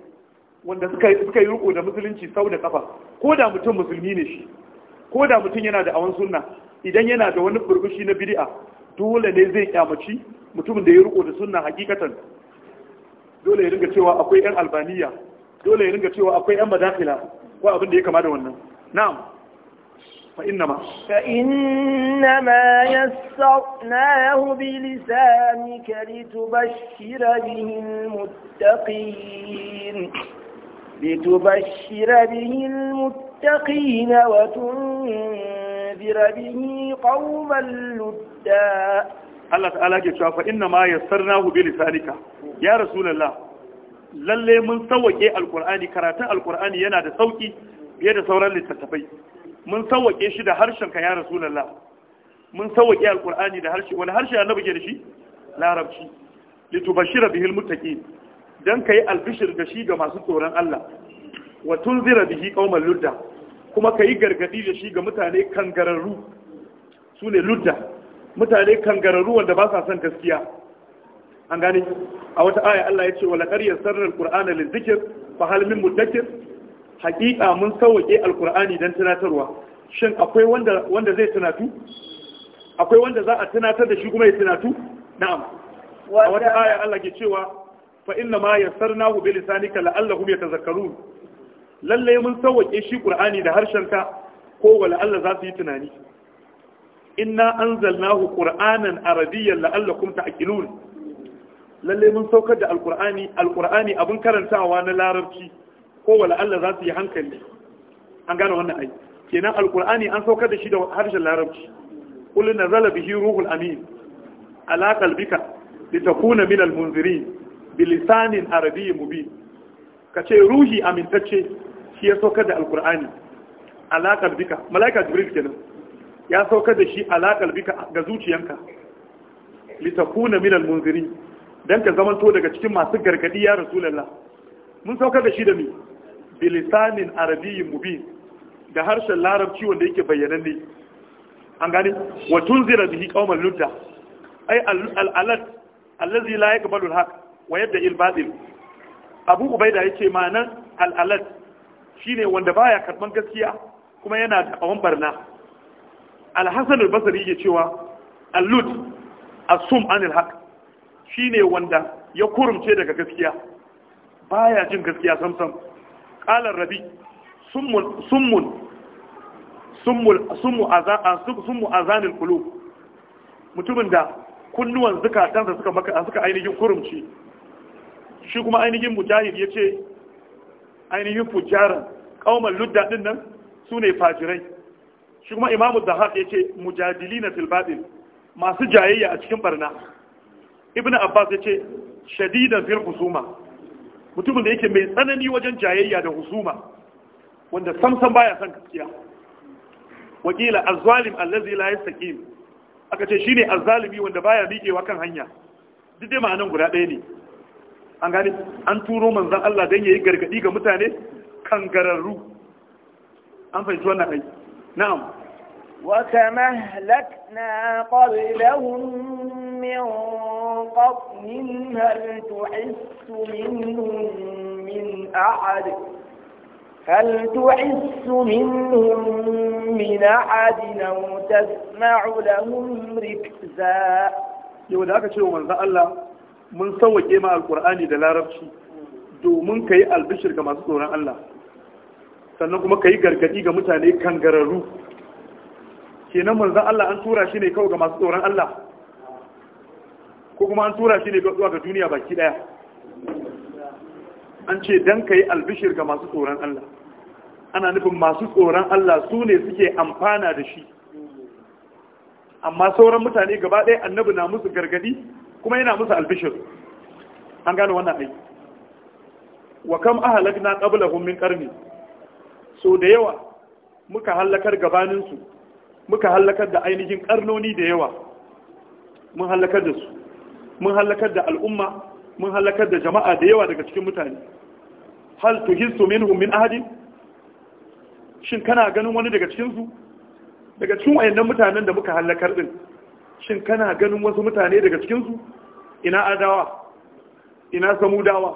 [SPEAKER 1] wanda suka yi riko da musulunci sau da kafa ko da mutum musulmi ne shi ko da mutum yana da awan sunna idan yana da wani burbushi na bid'a dole ne zai kyamaci mutumin da ya riko da sunna hakikatan dole ya ringa cewa akwai yan albaniya dole ya ringa cewa akwai yan madakila ko abin da ya kama da wannan na'am fa innama
[SPEAKER 2] fa innama yassarnahu bi lisanika litubashshira bihi almuttaqin litubashshira bihi almuttaqin wa tunzira bihi qauman ludda
[SPEAKER 1] Allah ta'ala ke cewa fa inna ma yassarnahu bi lisanika ya rasulullah lalle mun sauke alqur'ani karatun alqur'ani yana da sauki fiye da sauran littattafai mun sauke shi da harshen ka ya rasulullah mun sauke alqur'ani da harshe wani harshe annabi ke da shi larabci litubashira bihil muttaqin dan kai albishir da shi ga masu tsoron Allah wa tunzira bihi qauman ludda kuma kai gargadi da shi ga mutane kangararru sune ludda mutane kangararru wanda ba sa son gaskiya an gane a wata aya Allah ya ce wa qaryar sarral alqur'ana lizikr fa hal min mudakkir haqiqa mun sauke alqur'ani dan tunatarwa shin akwai wanda wanda zai tunatu akwai wanda za a tunatar da shi kuma ya tunatu na'am a wata aya Allah ke cewa fa inna ma yassarnahu bi lisanika la'allahum yatazakkarun lalle mun sauke shi qur'ani da harshenka ko wala Allah za su yi tunani inna anzalnahu Arabiyyar arabiyyan la'allakum ta'qilun lalle mun saukar da alqur'ani alqur'ani abin karantawa na larabci ko wala Allah za su yi hankali an gane wannan ai kenan alqur'ani an saukar da shi da harshen larabci Kullum qul zala bihi ruhul amin ala qalbika litakuna min almunzirin bilisanin arabiyyin mubin kace ruhi amintacce shi ya saukar da alqur'ani ala qalbika malaika jibril kenan ya sauka da shi alaƙar bika ga zuciyanka litakuna minal munziri dan ka zamanto daga cikin masu gargadi ya lalla. mun sauka da shi da mi bilisanin arabiyyin mubin da harshen larabci wanda yake ne. an gane wa tunzira bihi qauman ludda ay al-alat allazi la yaqbalu al-haq wa yadda al-batil abu ubaida yake ma'anar al al'ad shine wanda baya karban gaskiya kuma yana da awan barna alhassan al-basri yake cewa allud asum anil haq shine wanda ya kurumce daga gaskiya baya jin gaskiya samsam qala rabi summun summun summul summu azan summu azanil qulub mutumin da kunnuwan zukatan da suka maka suka ainihin kurumci. shi kuma ainihin mujahid yace ainihin fujaran kauman ludda din nan sune fajirai shi kuma imamu da ya ce mujadili na filbaɗin masu jayayya a cikin barna ibn abbas ya ce shadidan fil husuma mutumin da yake mai tsanani wajen jayayya da husuma wanda samsan baya son gaskiya wakila azzalim allazi la yastaqim aka ce shine azzalimi wanda baya miƙewa kan hanya duk dai ma'anan guda ɗaya ne an gane an turo manzon Allah dan yayi gargadi ga mutane kan gararru an fahimci wannan ai na'am
[SPEAKER 2] وكما أهلكنا na من قطن هل تحس منهم من أحد هل تحس منهم من أحد أو تسمع لهم ركزا
[SPEAKER 1] yau da aka ce wa manzo Allah mun sauwake ma alkur'ani da larabci domin ka yi albishir ga masu tsoron Allah sannan kuma ka yi gargadi ga mutane kangararru kenan manzon Allah an tura shi ne kawai ga masu tsoron Allah ko kuma an tura shi ne zuwa ga duniya baki daya an ce dan yi albishir ga masu tsoron Allah ana nufin masu tsoron Allah su ne suke amfana da shi amma sauran mutane gaba ɗaya annabi na musu gargadi kuma yana musu albishir an gane wannan aiki wa kam ahalakna qablahum min qarni so da yawa muka halakar gabaninsu muka halakar da ainihin karnoni da yawa mun halakar da su mun halakar da al'umma mun halakar da jama'a da yawa daga cikin mutane hal hisu minhum min ahadin shin kana ganin wani daga cikin su daga cikin wayannan mutanen da muka halakar din shin kana ganin wasu mutane daga cikin su ina adawa ina samudawa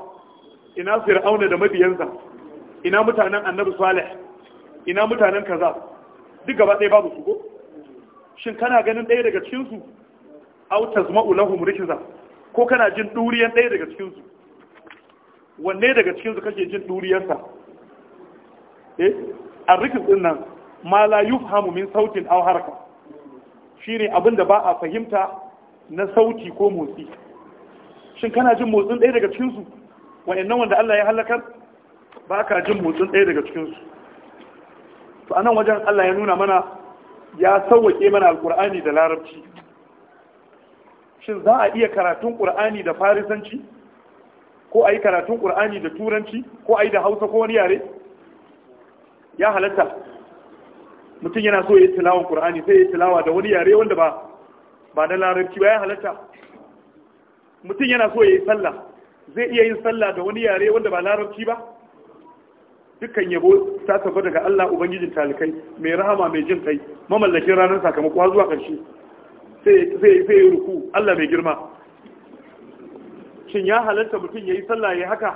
[SPEAKER 1] ina fir'auna da mabiyansa ina mutanen annabi salih ina mutanen kaza duk gaba ɗaya babu su ko shin kana ganin ɗaya daga cikinsu autas ma'ulahum rikiza ko kana jin ɗuriyan ɗaya daga cikinsu wanne daga cikinsu kake jin ɗuriyarsa eh a rikiz ɗin nan ma la yufhamu min sautin aw haraka shine abin da ba a fahimta na sauti ko motsi shin kana jin motsin ɗaya daga cikinsu wa'annan wanda Allah ya halakar ba ka jin motsin ɗaya daga cikinsu to anan wajen Allah ya nuna mana ya sauwake mana alkur'ani da larabci shin za a iya karatun qur'ani da farisanci ko a yi karatun qur'ani da turanci ko a yi da hausa ko wani yare ya halatta mutum yana so ya yi tilawan qur'ani sai ya yi tilawa da wani yare wanda ba ba na larabci ba ya halatta mutum yana so ya yi sallah zai iya yin sallah da wani yare wanda ba larabci ba dukkan yabo ta tafi daga Allah ubangijin talikai mai rahama mai jin kai mamallakin ranar sakamako zuwa ƙarshe sai ya yi ruku Allah mai girma shin ya halatta mutum ya yi sallah ya haka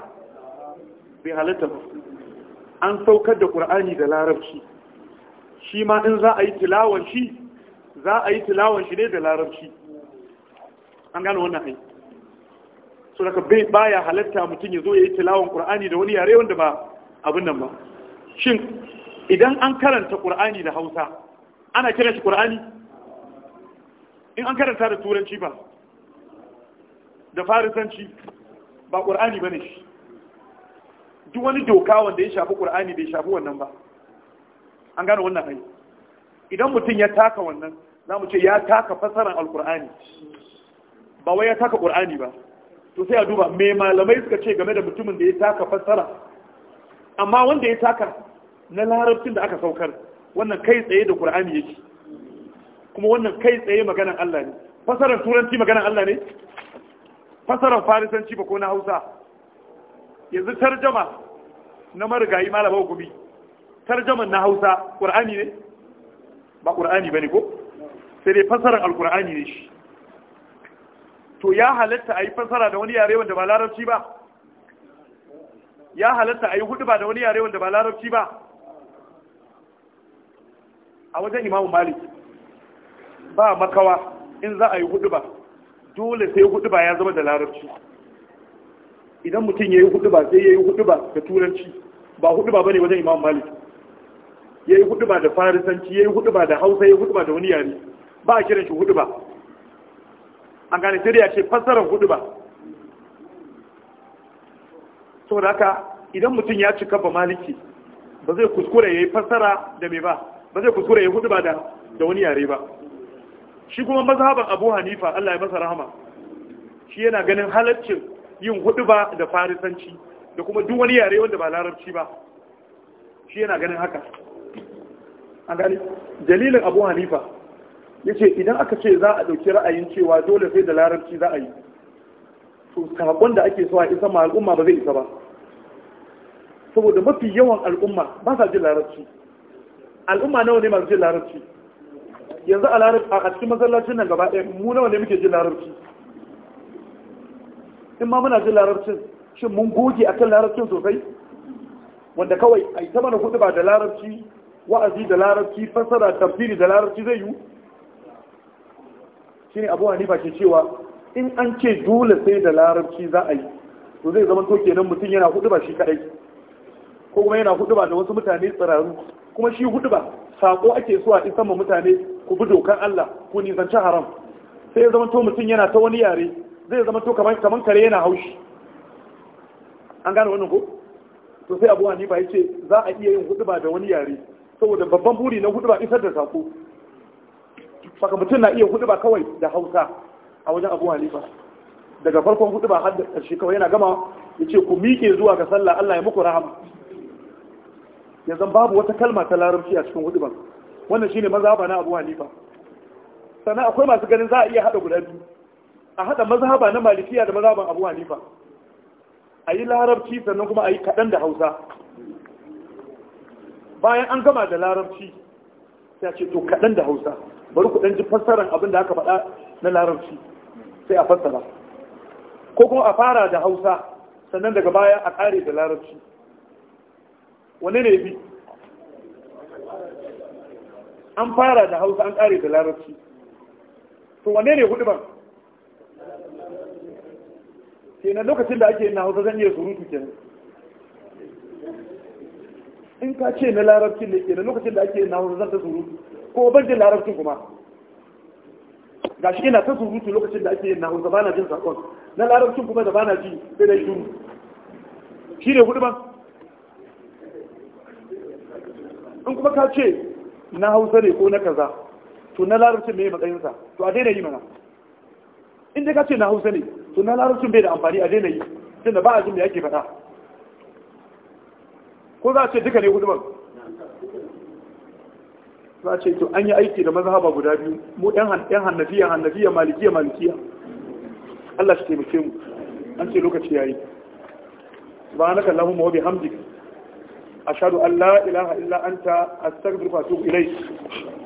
[SPEAKER 1] bai halatta ba an saukar da ƙur'ani da larabci shi ma in za a yi tilawan shi za a yi tilawan shi ne da larabci an gano wannan hai so daga bai baya halatta mutum ya zo ya yi tilawan ƙur'ani da wani yare wanda ba abin nan ba shin idan an karanta ƙur'ani da hausa ana kira shi ƙur'ani? in an karanta da turanci ba da farisanci ba ba ne shi duk wani doka wanda ya shafi ƙur'ani bai shafi wannan ba an gane wannan hanyar idan mutum ya taka wannan za mu ce ya taka fasarar Alƙur'ani. ba wai ya taka ƙur'ani ba to sai a duba mai malamai suka ce game da mutumin da ya taka fasara amma wanda ya taka na larabcin da aka saukar wannan kai tsaye da ya yake kuma wannan kai tsaye maganan Allah ne fasarar turanci maganan Allah ne fasarar farisanci ba ko na Hausa yanzu tarjama na marigayi malaba gumi tarjaman na Hausa qur'ani ne ba ba ne ko sai dai fasarar alqur'ani ne shi to ya halatta yi fasara da wani yare wanda ba larabci ba ya halatta a yi hudu ba da wani yare wanda ba larabci ba a wajen imamu malik ba makawa in za a yi hudu ba dole sai hudu ba ya zama da larabci idan mutum ya yi hudu ba sai ya yi hudu ba da turanci ba hudu ba bane wajen imamu malik ya yi hudu ba da farisanci ya yi hudu ba da hausa ya yi hudu ba da wani yare ba a kiran shi hudu ba an gane sai ce fassarar hudu ba saboda haka idan mutum ya cika ba maliki ba zai kuskure ya yi fassara da mai ba ba zai kuskure ya hudu ba da wani yare ba shi kuma mazhaban abu hanifa allah ya masa rahama shi yana ganin halaccin yin hudu ba da farisanci da kuma duk wani yare wanda ba larabci ba shi yana ganin haka an gani dalilin abu hanifa ya ce idan aka ce za a ɗauki ra'ayin cewa dole sai da larabci za a yi to sakon da ake so a isa ma al'umma ba zai isa ba saboda mafi yawan al'umma ba sa jin larabci al'umma nawa ne masu jin larabci yanzu a cikin masallacin nan gaba ɗaya mu nawa ne muke jin larabci in ma muna jin larabcin shin mun goge a kan larabcin sosai wanda kawai a yi mana kudu ba da larabci wa'azi da larabci fassara tafsiri da larabci zai yiwu shine ne ba ke cewa in an ce dole sai da larabci za a yi to zai zama to kenan mutum yana hudu ba shi kadai ko kuma yana hudu ba da wasu mutane tsiraru kuma shi hudu ba sako ake so a isan ma mutane ku bi dokan Allah ku zance haram sai ya zama to mutum yana ta wani yare zai zama to kaman kaman kare yana haushi an gane wannan ko to sai Abu Hanifa yace za a iya yin hudu ba da wani yare saboda babban buri na hudu ba isar da sako saka mutum na iya hudu ba kawai da Hausa a wajen abu al-halifa daga farkon hudu ba har da ƙarshe kawai yana gama ya ce ku miƙe zuwa ga sallah allah ya muku rahama yanzu babu wata kalma ta larabci a cikin hudu ba, wannan shine mazhaba na abu al-halifa. sannan akwai masu ganin za a iya haɗa guda biyu a haɗa mazhaba na malikiya da mazhaban abu al-halifa. a yi larabci sannan kuma a yi kaɗan da hausa bayan an gama da larabci sai ce to kaɗan da hausa bari ku ɗan ji fassarar abin da aka faɗa na larabci sai a fassara ko kuma a fara da hausa sannan daga baya a ƙare da larabci wane ne bi an fara da hausa an ƙare da larabci to wane ne hudu ban na lokacin da ake yin na hausa zan iya surutu kenan in ka ce na larabci ne kenan lokacin da ake yin na hausa zan ta surutu ko ban jin larabcin kuma gashi ina ta surutu lokacin da ake yin na hausa bana jin sakon na larabcin kuma da bana ji sai dai shuru shi ne hudu ba in kuma ka ce na hausa ne ko na kaza to na larabcin mai matsayinsa to a daina yi mana in ka ce na hausa ne to na larabcin bai da amfani a daina yi tunda ba a jin da yake faɗa ko za a ce duka ne hudu ba za ce to an yi aiki da mazhaba guda biyu mu yan hannafiya hannafiya malikiya malikiya Allah shi taimake mu an ce lokaci ya yi ba na subhanaka allahumma wa hamdi a shaɗu Allah ilaha illa ta astaghfiruka wa atubu
[SPEAKER 3] ilayk